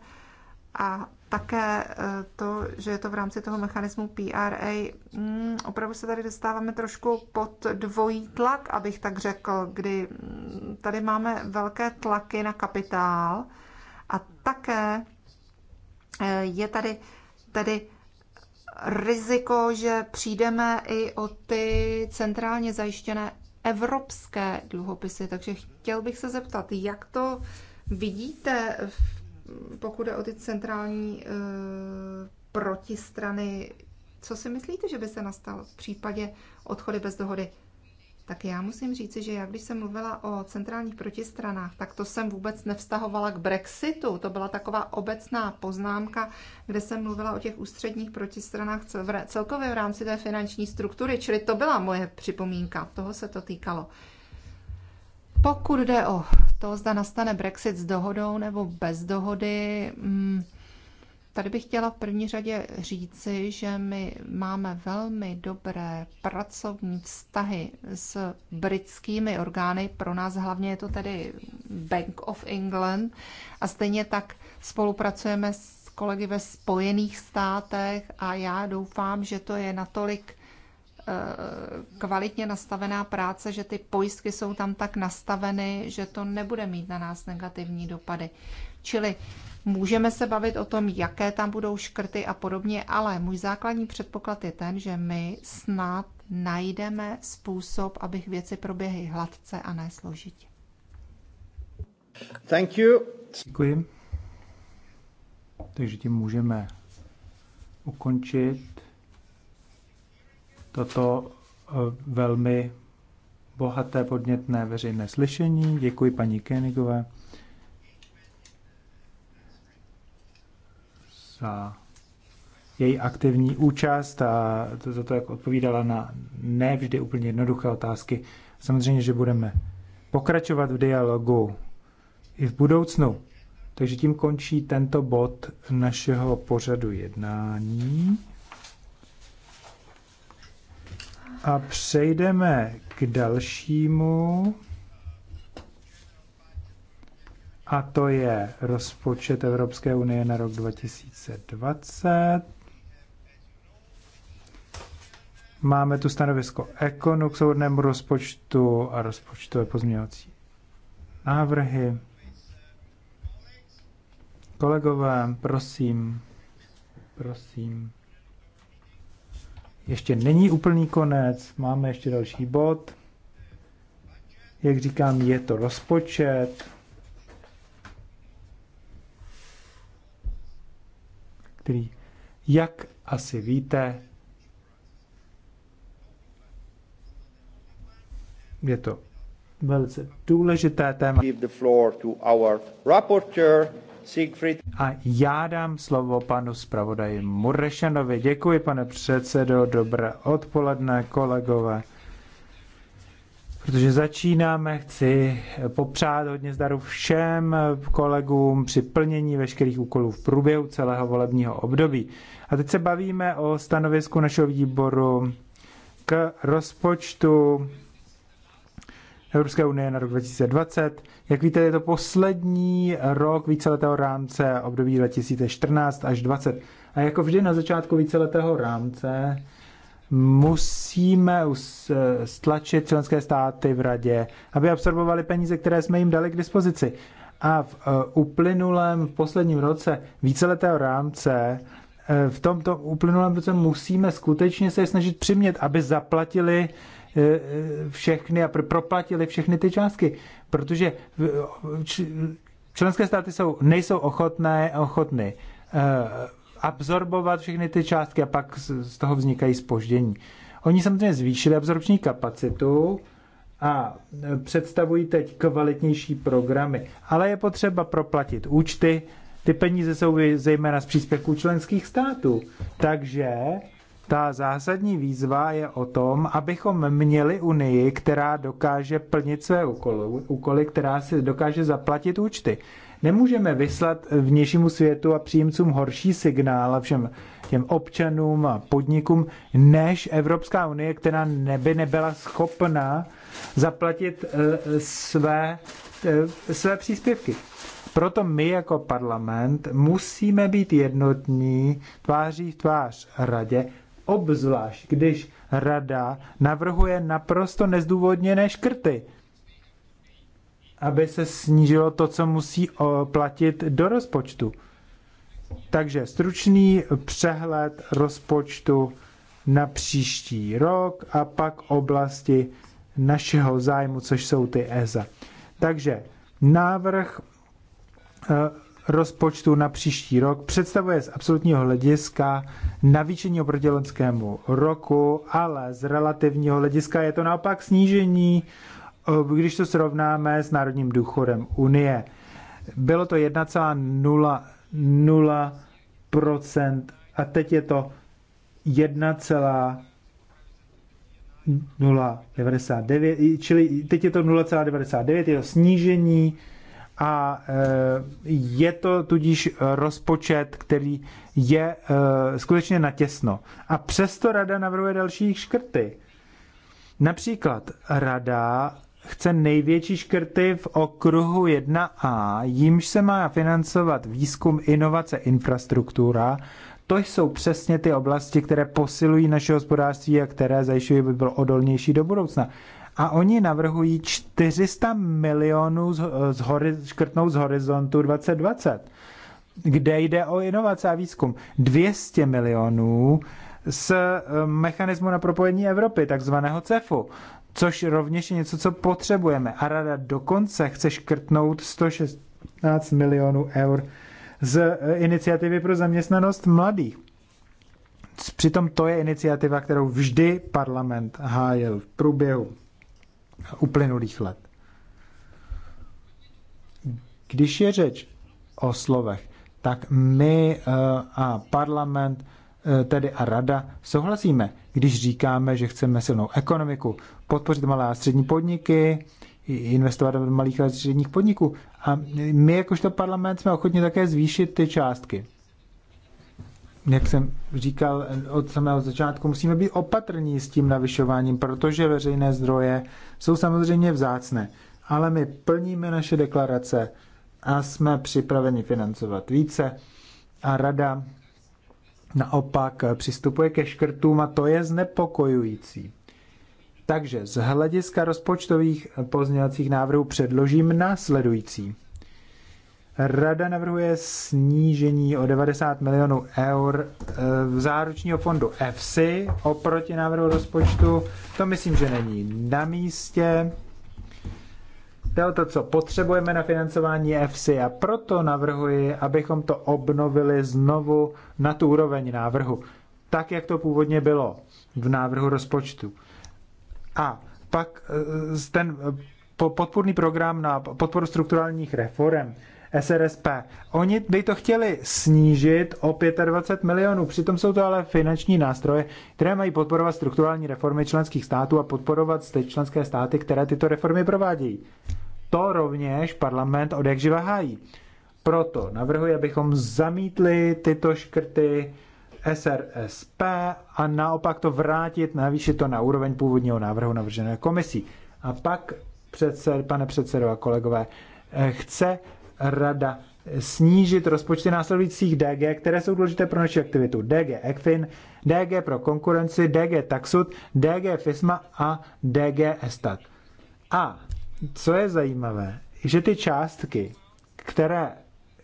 a také eh, to, že je to v rámci toho mechanismu PRA. Hmm, opravdu se tady dostáváme trošku pod dvojí tlak, abych tak řekl, kdy mm, tady máme velké tlaky na kapitál a také eh, je tady, tady riziko, že přijdeme i o ty centrálně zajištěné evropské dluhopisy. Takže chtěl bych se zeptat, jak to vidíte, pokud je o ty centrální e, protistrany, co si myslíte, že by se nastalo v případě odchody bez dohody? tak já musím říci, že já když jsem mluvila o centrálních protistranách, tak to jsem vůbec nevztahovala k Brexitu. To byla taková obecná poznámka, kde jsem mluvila o těch ústředních protistranách celkově v rámci té finanční struktury, čili to byla moje připomínka, toho se to týkalo. Pokud jde o to, zda nastane Brexit s dohodou nebo bez dohody, hmm, Tady bych chtěla v první řadě říci, že my máme velmi dobré pracovní vztahy s britskými orgány. Pro nás hlavně je to tedy Bank of England a stejně tak spolupracujeme s kolegy ve Spojených státech a já doufám, že to je natolik eh, kvalitně nastavená práce, že ty pojistky jsou tam tak nastaveny, že to nebude mít na nás negativní dopady. Čili Můžeme se bavit o tom, jaké tam budou škrty a podobně, ale můj základní předpoklad je ten, že my snad najdeme způsob, abych věci proběhly hladce a ne složitě. Thank you. Děkuji. Takže tím můžeme ukončit toto eh, velmi bohaté podnětné veřejné slyšení. Děkuji paní Kenigové za její aktivní účast a to za to, jak odpovídala na ne vždy úplně jednoduché otázky. Samozřejmě, že budeme pokračovat v dialogu i v budoucnu. Takže tím končí tento bod našeho pořadu jednání. A přejdeme k dalšímu. A to je rozpočet Evropské unie na rok 2020. Máme tu stanovisko Ekonu k soudnému rozpočtu a rozpočtové pozměňovací návrhy. Kolegové, prosím, prosím. Ještě není úplný konec, máme ještě další bod. Jak říkám, je to rozpočet. který, jak asi víte, je to velice důležité téma. A já dám slovo panu zpravodaji Murešanovi. Děkuji, pane předsedo, dobré odpoledne, kolegové protože začínáme. Chci popřát hodně zdaru všem kolegům při plnění veškerých úkolů v průběhu celého volebního období. A teď se bavíme o stanovisku našeho výboru k rozpočtu Evropské unie na rok 2020. Jak víte, je to poslední rok víceletého rámce období 2014 až 2020. A jako vždy na začátku víceletého rámce musíme eh, stlačit členské státy v radě, aby absorbovali peníze, které jsme jim dali k dispozici. A v eh, uplynulém, v posledním roce víceletého rámce, eh, v tomto uplynulém roce musíme skutečně se snažit přimět, aby zaplatili všechny a proplatili všechny ty částky, protože členské státy jsou, nejsou ochotné, ochotny absorbovat všechny ty částky a pak z toho vznikají spoždění. Oni samozřejmě zvýšili absorpční kapacitu a e, představují teď kvalitnější programy, ale je potřeba proplatit účty. Ty peníze jsou zejména z příspěvků členských států. Takže ta zásadní výzva je o tom, abychom měli Unii, která dokáže plnit své úkoly, úkoly která si dokáže zaplatit účty. Nemůžeme vyslat vnějšímu světu a příjemcům horší signál a všem těm občanům a podnikům, než Evropská unie, která neby nebyla schopná zaplatit eh, své, eh, své příspěvky. Proto my jako parlament musíme být jednotní tváří v tvář radě, obzvlášť když rada navrhuje naprosto nezdůvodněné škrty aby se snížilo to, co musí eh, platit do rozpočtu. Takže stručný přehled rozpočtu na příští rok a pak oblasti našeho zájmu, což jsou ty EZA. Takže návrh eh, rozpočtu na příští rok představuje z absolutního hlediska navýšení oproti loňskému roku, ale z relativního hlediska je to naopak snížení když to srovnáme s národním důchodem Unie. Bylo to 1,00% a teď je to 1,099, čili teď je to 0,99, je to snížení a eh, je to tudíž rozpočet, který je eh, skutečně natěsno. A přesto rada navrhuje další škrty. Například rada chce největší škrty v okruhu 1A, jímž se má financovat výzkum, inovace, infrastruktura. To jsou přesně ty oblasti, které posilují naše hospodářství a které zajišťují, by bylo odolnější do budoucna. A oni navrhují 400 milionů z, z hori, škrtnout z horizontu 2020, kde jde o inovace a výzkum. 200 milionů z eh, mechanismu na propojení Evropy, takzvaného CEFu což rovněž je něco, co potřebujeme. A rada dokonce chce škrtnout 116 milionů eur z e, iniciativy pro zaměstnanost mladých. Přitom to je iniciativa, kterou vždy parlament hájil v průběhu uplynulých let. Když je řeč o slovech, tak my e, a parlament, e, tedy a rada, souhlasíme když říkáme, že chceme silnou ekonomiku, podpořit malé a střední podniky, investovat do malých a středních podniků. A my jakožto parlament jsme ochotni také zvýšit ty částky. Jak jsem říkal od samého začátku, musíme být opatrní s tím navyšováním, protože veřejné zdroje jsou samozřejmě vzácné. Ale my plníme naše deklarace a jsme připraveni financovat více. A rada naopak eh, přistupuje ke škrtům a to je znepokojující. Takže z hlediska rozpočtových eh, pozměňovacích návrhů předložím následující. Rada navrhuje snížení o 90 milionů eur eh, v záručního fondu EFSI oproti návrhu rozpočtu. To myslím, že není na místě to, co potřebujeme na financování EFSI a proto navrhuji, abychom to obnovili znovu na tu úroveň návrhu, tak jak to původně bylo v návrhu rozpočtu. A pak eh, ten eh, podpůrný program na podporu strukturálních reform, SRSP. Oni by to chtěli snížit o 25 milionů, přitom jsou to ale finanční nástroje, které mají podporovat strukturální reformy členských států a podporovat členské státy, které tyto reformy provádějí to rovněž parlament od jak hájí. Proto navrhuji, abychom zamítli tyto škrty SRSP a naopak to vrátit, navýšit to na úroveň původního návrhu navržené komisí. A pak, předsed, pane předsedo a kolegové, eh, chce rada snížit rozpočty následujících DG, které jsou důležité pro naši aktivitu. DG ECFIN, DG pro konkurenci, DG Taxud, DG FISMA a DG Estat. A co je zajímavé, že ty částky, které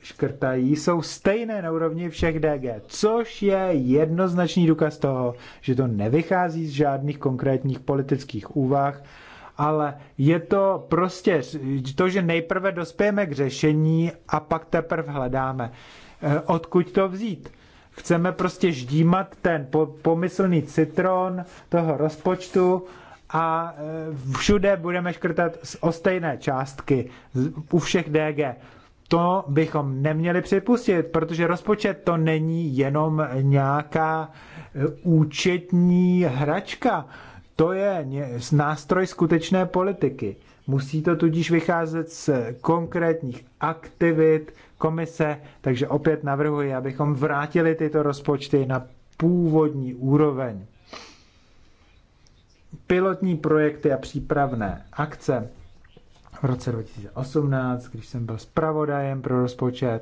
škrtají, jsou stejné na úrovni všech DG, což je jednoznačný důkaz toho, že to nevychází z žádných konkrétních politických úvah, ale je to prostě to, že nejprve dospějeme k řešení a pak teprve hledáme, eh, odkud to vzít. Chceme prostě ždímat ten pomyslný citron toho rozpočtu a e, všude budeme škrtat o stejné částky u všech DG. To bychom neměli připustit, protože rozpočet to není jenom nějaká e, účetní hračka. To je nástroj skutečné politiky. Musí to tudíž vycházet z konkrétních aktivit komise, takže opět navrhuji, abychom vrátili tyto rozpočty na původní úroveň pilotní projekty a přípravné akce. V roce 2018, když jsem byl zpravodajem pro rozpočet,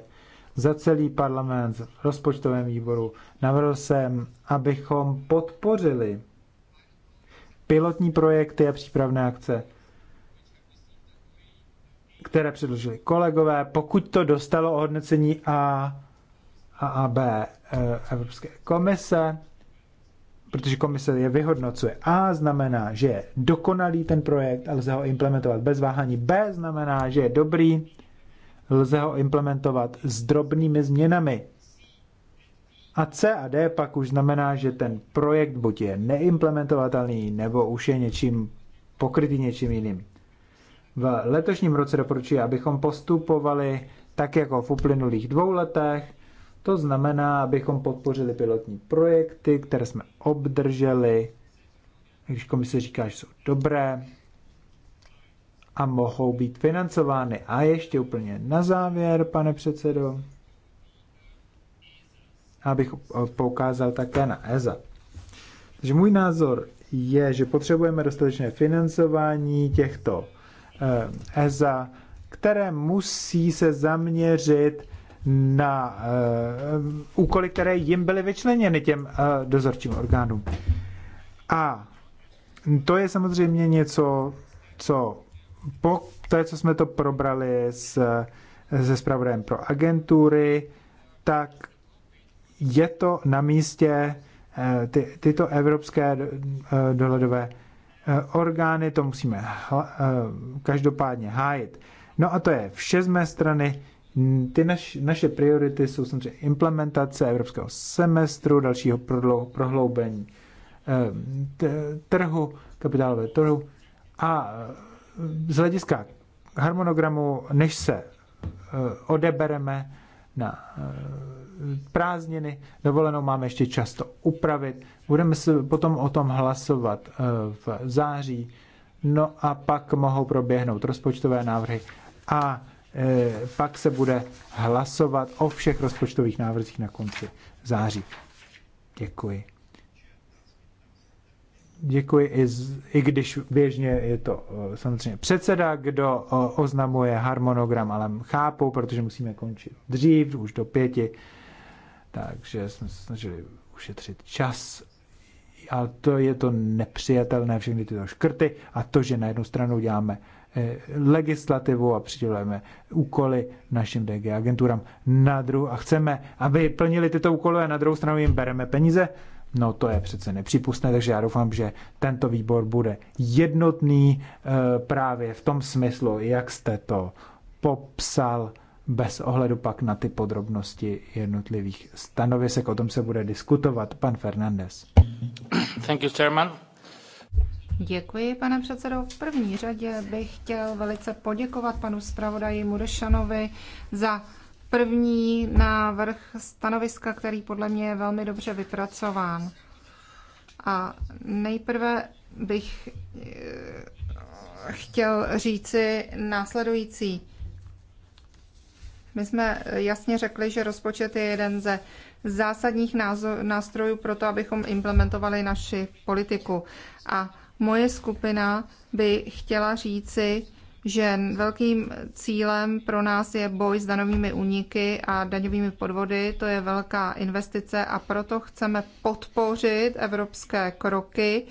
za celý parlament v rozpočtovém výboru navrhl jsem, abychom podpořili pilotní projekty a přípravné akce, které předložili kolegové, pokud to dostalo ohodnocení A a AB eh, Evropské komise, protože komise je vyhodnocuje. A znamená, že je dokonalý ten projekt a lze ho implementovat bez váhání. B znamená, že je dobrý, lze ho implementovat s drobnými změnami. A C a D pak už znamená, že ten projekt buď je neimplementovatelný, nebo už je něčím pokrytý něčím jiným. V letošním roce doporučuji, abychom postupovali tak jako v uplynulých dvou letech, to znamená, abychom podpořili pilotní projekty, které jsme obdrželi, když komise říká, že jsou dobré a mohou být financovány. A ještě úplně na závěr, pane předsedo, abych poukázal také na EZA. Takže můj názor je, že potřebujeme dostatečné financování těchto EZA, eh, které musí se zaměřit na uh, úkoly, které jim byly vyčleněny těm uh, dozorčím orgánům. A to je samozřejmě něco, co po té, co jsme to probrali s, se zpravodajem pro agentury, tak je to na místě, eh, ty, tyto evropské dohledové orgány, to musíme každopádně hájit. No a to je vše z mé strany. Ty naš, naše priority jsou samozřejmě implementace evropského semestru, dalšího prohloubení eh, trhu, kapitálové trhu a eh, z hlediska harmonogramu, než se eh, odebereme na prázdniny, dovolenou máme ještě často upravit, budeme se potom o tom hlasovat v září, no a pak mohou proběhnout rozpočtové návrhy a Eh, pak se bude hlasovat o všech rozpočtových návrzích na konci září. Děkuji. Děkuji, i, z, i když běžně je to eh, samozřejmě předseda, kdo eh, oznamuje harmonogram, ale chápu, protože musíme končit dřív, už do pěti, takže jsme se snažili ušetřit čas. Ale to je to nepřijatelné, všechny tyto škrty a to, že na jednu stranu děláme Eh, legislativu a přidělujeme úkoly našim DG agenturám na druhou a chceme, aby plnili tyto úkoly a na druhou stranu jim bereme peníze, No to je přece nepřípustné, takže já doufám, že tento výbor bude jednotný eh, právě v tom smyslu, jak jste to popsal, bez ohledu pak na ty podrobnosti jednotlivých stanovisek. O tom se bude diskutovat pan Fernandez. Thank you, Chairman. Děkuji, pane předsedo. V první řadě bych chtěl velice poděkovat panu zpravodaji Murešanovi za první návrh stanoviska, který podle mě je velmi dobře vypracován. A nejprve bych eh, chtěl říci následující. My jsme jasně řekli, že rozpočet je jeden ze zásadních nástrojů pro to, abychom implementovali naši politiku. A Moje skupina by chtěla říci, že velkým cílem pro nás je boj s daňovými úniky a daňovými podvody. To je velká investice a proto chceme podpořit evropské kroky,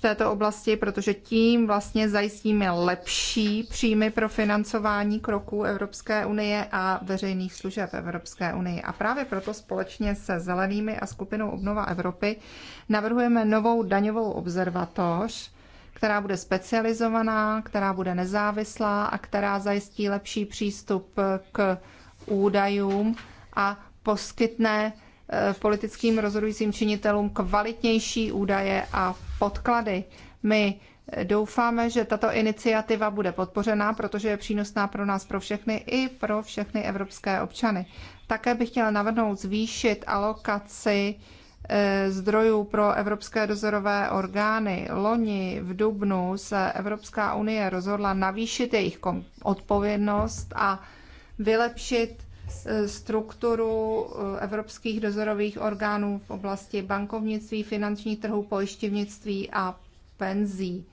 v této oblasti, protože tím vlastně zajistíme lepší příjmy pro financování kroků Evropské unie a veřejných služeb Evropské unie. A právě proto společně se Zelenými a skupinou Obnova Evropy navrhujeme novou daňovou observatoř, která bude specializovaná, která bude nezávislá a která zajistí lepší přístup k údajům a poskytne Eh, politickým rozhodujícím činitelům kvalitnější údaje a podklady. My eh, doufáme, že tato iniciativa bude podpořená, protože je přínosná pro nás, pro všechny i pro všechny evropské občany. Také bych chtěla navrhnout zvýšit alokaci eh, zdrojů pro evropské dozorové orgány. Loni v Dubnu se Evropská unie rozhodla navýšit jejich odpovědnost a vylepšit strukturu eh, evropských dozorových orgánů v oblasti bankovnictví, finanční trhu, pojištěvnictví a penzí.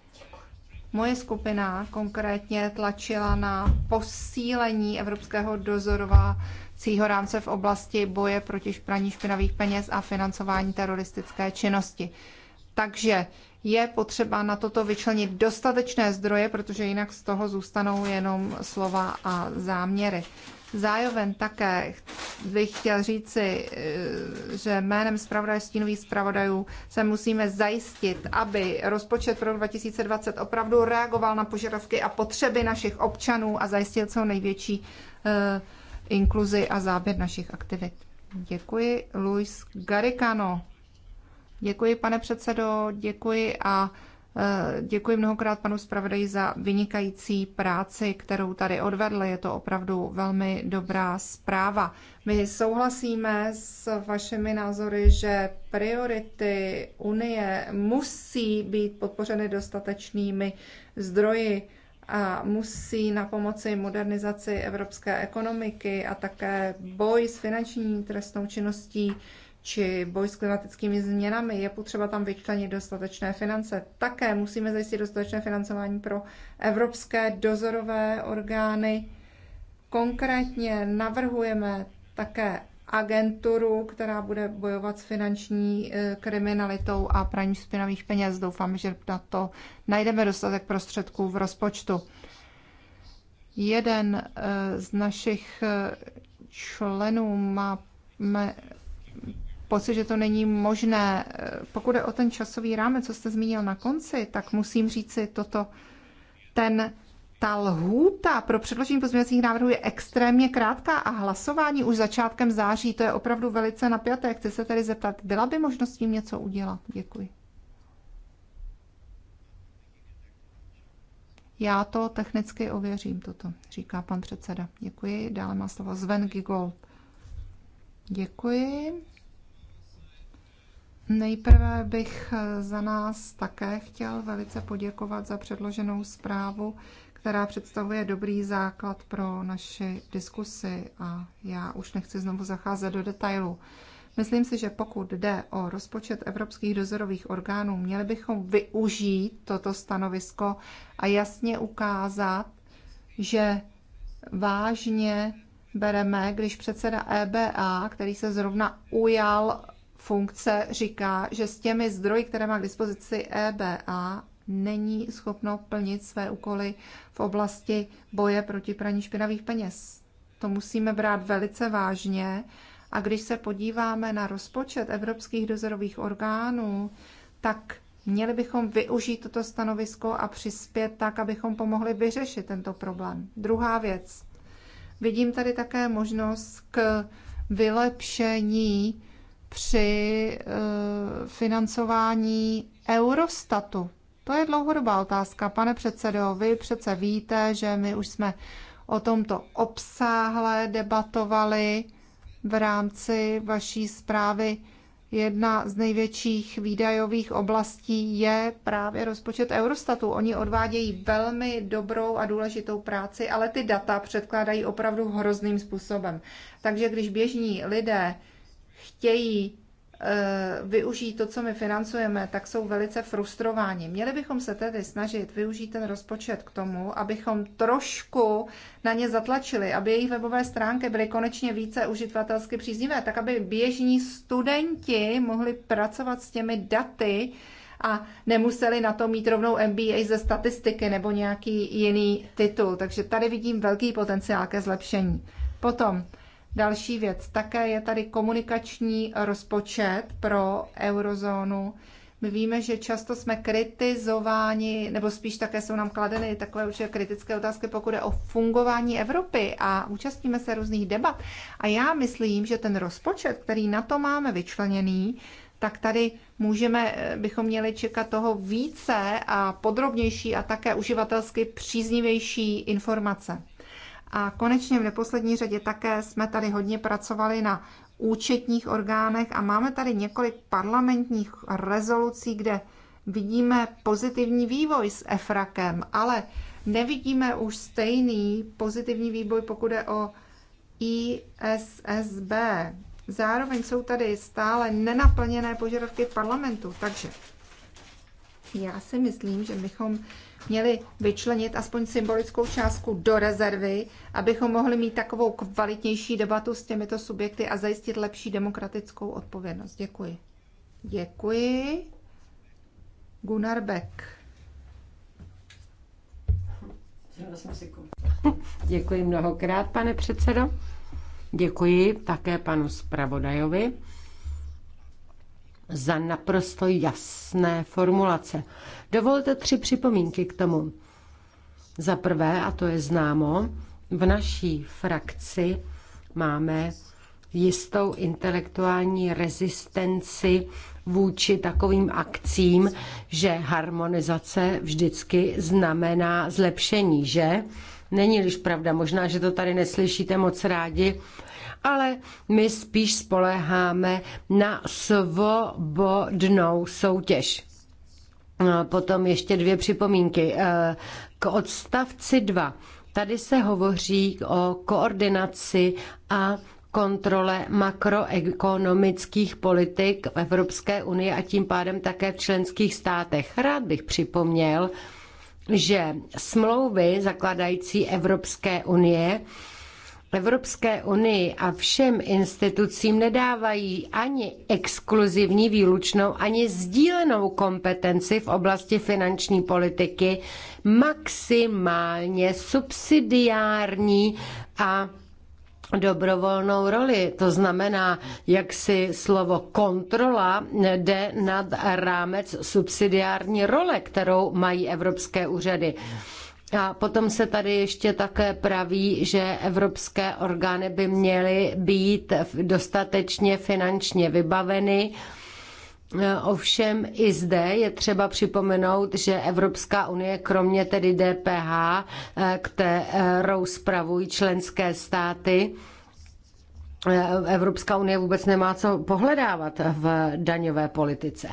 Moje skupina konkrétně tlačila na posílení evropského dozorovacího rámce v oblasti boje proti praní špinavých peněz a financování teroristické činnosti. Takže je potřeba na toto vyčlenit dostatečné zdroje, protože jinak z toho zůstanou jenom slova a záměry. Zároveň také bych chtěl říci, eh, že jménem zpravodajů stínových zpravodajů se musíme zajistit, aby rozpočet pro 2020 opravdu reagoval na požadavky a potřeby našich občanů a zajistil co největší eh, inkluzi a záběr našich aktivit. Děkuji, Luis Garicano. Děkuji, pane předsedo, děkuji a Děkuji mnohokrát panu zpravodaji za vynikající práci, kterou tady odvedl. Je to opravdu velmi dobrá zpráva. My souhlasíme s vašimi názory, že priority Unie musí být podpořeny dostatečnými zdroji a musí na pomoci modernizaci evropské ekonomiky a také boj s finanční trestnou činností či boj s klimatickými změnami, je potřeba tam vyčlenit dostatečné finance. Také musíme zajistit dostatečné financování pro evropské dozorové orgány. Konkrétně navrhujeme také agenturu, která bude bojovat s finanční e, kriminalitou a praní špinavých peněz. Doufám, že na to najdeme dostatek prostředků v rozpočtu. Jeden e, z našich e, členů má pocit, že to není možné. Pokud je o ten časový rámec, co jste zmínil na konci, tak musím říci toto. Ten, ta lhůta pro předložení pozměňovacích návrhů je extrémně krátká a hlasování už začátkem září, to je opravdu velice napjaté. Chci se tedy zeptat, byla by možnost s tím něco udělat? Děkuji. Já to technicky ověřím, toto, říká pan předseda. Děkuji. Dále má slovo Sven Gigol. Děkuji. Nejprve bych eh, za nás také chtěl velice poděkovat za předloženou zprávu, která představuje dobrý základ pro naši diskusi a já už nechci znovu zacházet do detailu. Myslím si, že pokud jde o rozpočet evropských dozorových orgánů, měli bychom využít toto stanovisko a jasně ukázat, že vážně bereme, když předseda EBA, který se zrovna ujal funkce říká, že s těmi zdroji, které má k dispozici EBA, není schopno plnit své úkoly v oblasti boje proti praní špinavých peněz. To musíme brát velice vážně. A když se podíváme na rozpočet evropských dozorových orgánů, tak měli bychom využít toto stanovisko a přispět tak, abychom pomohli vyřešit tento problém. Druhá věc. Vidím tady také možnost k vylepšení při eh, financování Eurostatu? To je dlouhodobá otázka. Pane předsedo, vy přece víte, že my už jsme o tomto obsáhle debatovali v rámci vaší zprávy. Jedna z největších výdajových oblastí je právě rozpočet Eurostatu. Oni odvádějí velmi dobrou a důležitou práci, ale ty data předkládají opravdu hrozným způsobem. Takže když běžní lidé chtějí eh, využijí to, co my financujeme, tak jsou velice frustrováni. Měli bychom se tedy snažit využít ten rozpočet k tomu, abychom trošku na ně zatlačili, aby jejich webové stránky byly konečně více uživatelsky příznivé, tak aby běžní studenti mohli pracovat s těmi daty a nemuseli na to mít rovnou MBA ze statistiky nebo nějaký jiný titul. Takže tady vidím velký potenciál ke zlepšení. Potom Další věc, také je tady komunikační rozpočet pro eurozónu. My víme, že často jsme kritizováni, nebo spíš také jsou nám kladeny takové určitě kritické otázky, pokud je o fungování Evropy a účastníme se různých debat. A já myslím, že ten rozpočet, který na to máme vyčleněný, tak tady můžeme, eh, bychom měli čekat toho více a podrobnější a také uživatelsky příznivější informace. A konečně v neposlední řadě také jsme tady hodně pracovali na účetních orgánech a máme tady několik parlamentních rezolucí, kde vidíme pozitivní vývoj s EFRAKem, ale nevidíme už stejný pozitivní vývoj, pokud je o ISSB. Zároveň jsou tady stále nenaplněné požadavky parlamentu, takže já si myslím, že bychom měli vyčlenit aspoň symbolickou částku do rezervy, abychom mohli mít takovou kvalitnější debatu s těmito subjekty a zajistit lepší demokratickou odpovědnost. Děkuji. Děkuji. Gunnar Beck. Děkuji mnohokrát, pane předsedo. Děkuji také panu zpravodajovi za naprosto jasné formulace. Dovolte tři připomínky k tomu. Za prvé, a to je známo, v naší frakci máme jistou intelektuální rezistenci vůči takovým akcím, že harmonizace vždycky znamená zlepšení, že? Není liž pravda, možná, že to tady neslyšíte moc rádi, ale my spíš spoléháme na svobodnou soutěž. Potom ještě dvě připomínky. Eh, k odstavci 2. Tady se hovoří o koordinaci a kontrole makroekonomických politik v Evropské unii a tím pádem také v členských státech. Rád bych připomněl, že smlouvy zakladající Evropské unie Evropské unii a všem institucím nedávají ani exkluzivní výlučnou, ani sdílenou kompetenci v oblasti finanční politiky, maximálně subsidiární a dobrovolnou roli. To znamená, jak si slovo kontrola jde nad rámec subsidiární role, kterou mají evropské úřady. A potom se tady ještě také praví, že evropské orgány by měly být dostatečně finančně vybaveny. Eh, ovšem i zde je třeba připomenout, že Evropská unie kromě tedy DPH, eh, kterou spravují členské státy, eh, Evropská unie vůbec nemá co pohledávat v daňové politice.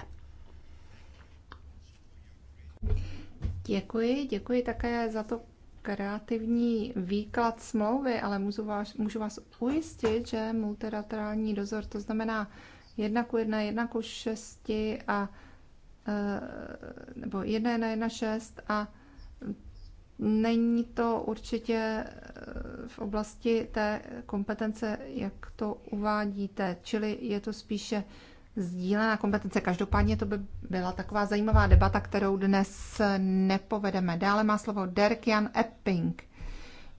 Děkuji, děkuji také za to kreativní výklad smlouvy, ale můžu vás, můžu vás ujistit, že multilaterální dozor, to znamená jedna ku jedna, jedna ku šesti a eh, nebo jedna na jedna šest a není to určitě eh, v oblasti té kompetence, jak to uvádíte, čili je to spíše sdílená kompetence. Každopádně to by byla taková zajímavá debata, kterou dnes nepovedeme. Dále má slovo Derk Jan Epping.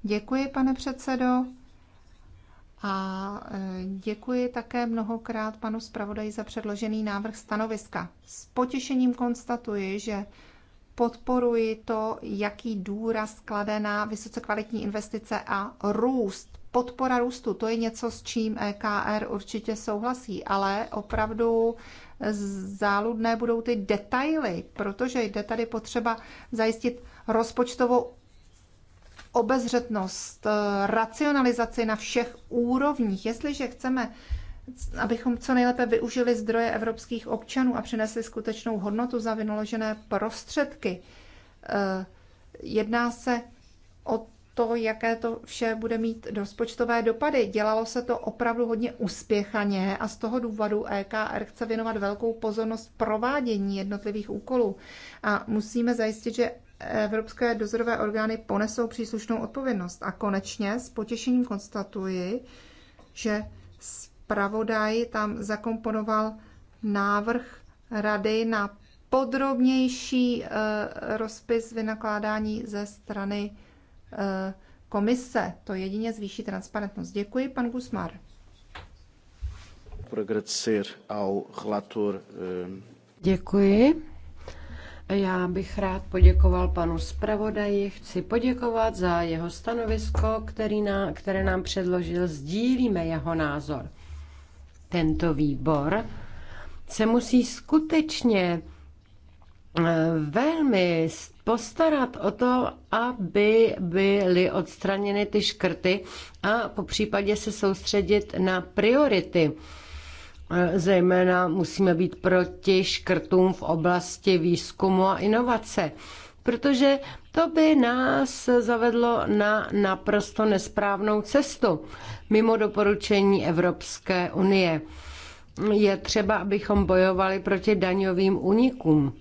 Děkuji, pane předsedo. A e, děkuji také mnohokrát panu zpravodaji za předložený návrh stanoviska. S potěšením konstatuji, že podporuji to, jaký důraz klade na vysoce kvalitní investice a růst podpora růstu, to je něco, s čím EKR určitě souhlasí, ale opravdu záludné budou ty detaily, protože jde tady potřeba zajistit rozpočtovou obezřetnost, eh, racionalizaci na všech úrovních. Jestliže chceme, abychom co nejlépe využili zdroje evropských občanů a přinesli skutečnou hodnotu za vynaložené prostředky, eh, jedná se o to, jaké to vše bude mít rozpočtové dopady. Dělalo se to opravdu hodně uspěchaně a z toho důvodu EKR chce věnovat velkou pozornost provádění jednotlivých úkolů. A musíme zajistit, že evropské dozorové orgány ponesou příslušnou odpovědnost. A konečně s potěšením konstatuji, že zpravodaj tam zakomponoval návrh rady na podrobnější eh, rozpis vynakládání ze strany Eh, komise. To jedině zvýší transparentnost. Děkuji, pan Gusmar. Eh. Děkuji. Já bych rád poděkoval panu zpravodaji. Chci poděkovat za jeho stanovisko, který na, které nám předložil. Sdílíme jeho názor. Tento výbor se musí skutečně velmi postarat o to, aby byly odstraněny ty škrty a po případě se soustředit na priority. Zejména musíme být proti škrtům v oblasti výzkumu a inovace, protože to by nás zavedlo na naprosto nesprávnou cestu mimo doporučení Evropské unie. Je třeba, abychom bojovali proti daňovým unikům.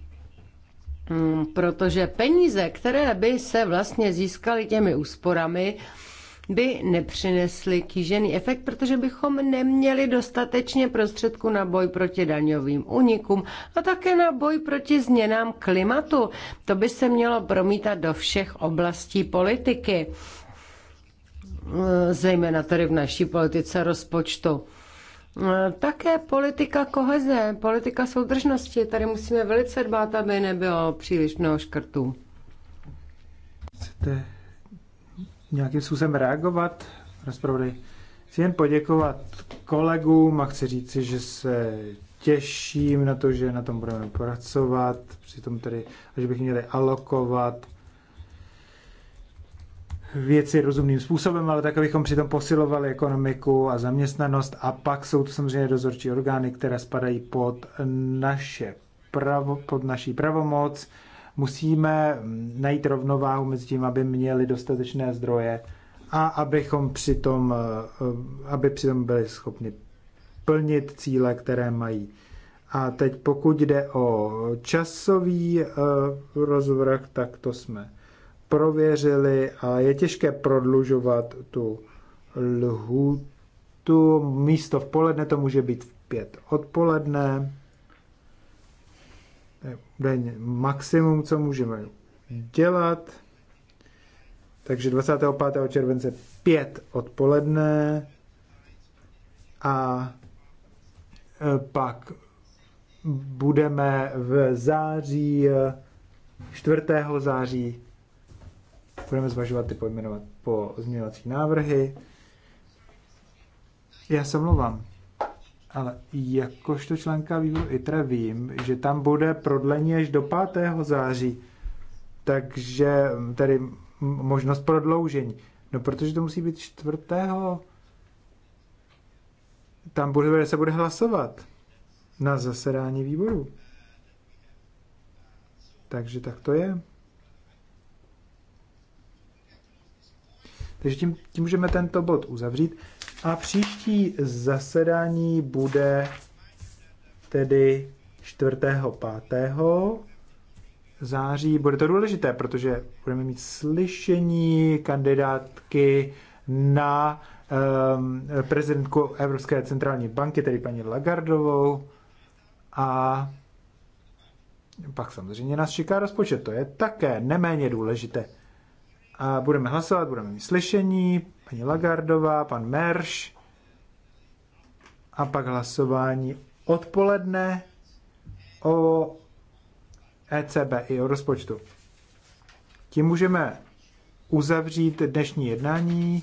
Mm, protože peníze, které by se vlastně získaly těmi úsporami, by nepřinesly kýžený efekt, protože bychom neměli dostatečně prostředku na boj proti daňovým unikům a také na boj proti změnám klimatu. To by se mělo promítat do všech oblastí politiky, mm, zejména tedy v naší politice rozpočtu. Eh, také politika koheze, politika soudržnosti. Tady musíme velice dbát, aby nebylo příliš mnoho škrtů. Chcete nějakým způsobem reagovat? Rozpravdy. Chci jen poděkovat kolegům a chci říci, že se těším na to, že na tom budeme pracovat, přitom tedy, že bych měli alokovat věci rozumným způsobem, ale tak, abychom přitom posilovali ekonomiku a zaměstnanost. A pak jsou to samozřejmě dozorčí orgány, které spadají pod, naše pravo, pod naší pravomoc. Musíme najít rovnováhu mezi tím, aby měli dostatečné zdroje a abychom přitom, aby přitom byli schopni plnit cíle, které mají. A teď pokud jde o časový eh, rozvrh, tak to jsme prověřili a je těžké prodlužovat tu lhůtu. Místo v poledne to může být v pět odpoledne. Den maximum, co můžeme dělat. Takže 25. července 5 odpoledne a e, pak budeme v září 4. E, září Budeme zvažovat ty pojmenovat po změňovací návrhy. Já se mluvám, ale jakožto členka výboru ITRE vím, že tam bude prodlení až do 5. září, takže mm, tedy možnost prodloužení. No protože to musí být 4. Tam bude, se bude hlasovat na zasedání výboru. Takže tak to je. Takže tím, tím můžeme tento bod uzavřít. A příští zasedání bude tedy 4. 5. září. Bude to důležité, protože budeme mít slyšení kandidátky na um, prezidentku Evropské centrální banky, tedy paní Lagardovou. A pak samozřejmě nás čeká rozpočet, to je také neméně důležité. A budeme hlasovat, budeme mít slyšení, paní Lagardová, pan Merš a pak hlasování odpoledne o ECB i o rozpočtu. Tím můžeme uzavřít dnešní jednání.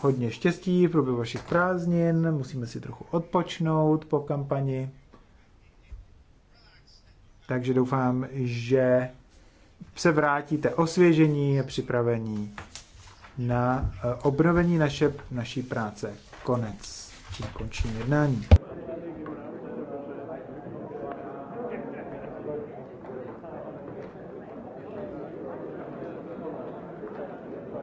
Hodně štěstí v průběhu vašich prázdnin, musíme si trochu odpočnout po kampani. Takže doufám, že se vrátíte osvěžení a připravení na eh, obnovení naše, naší práce. Konec. Tím končím jednání.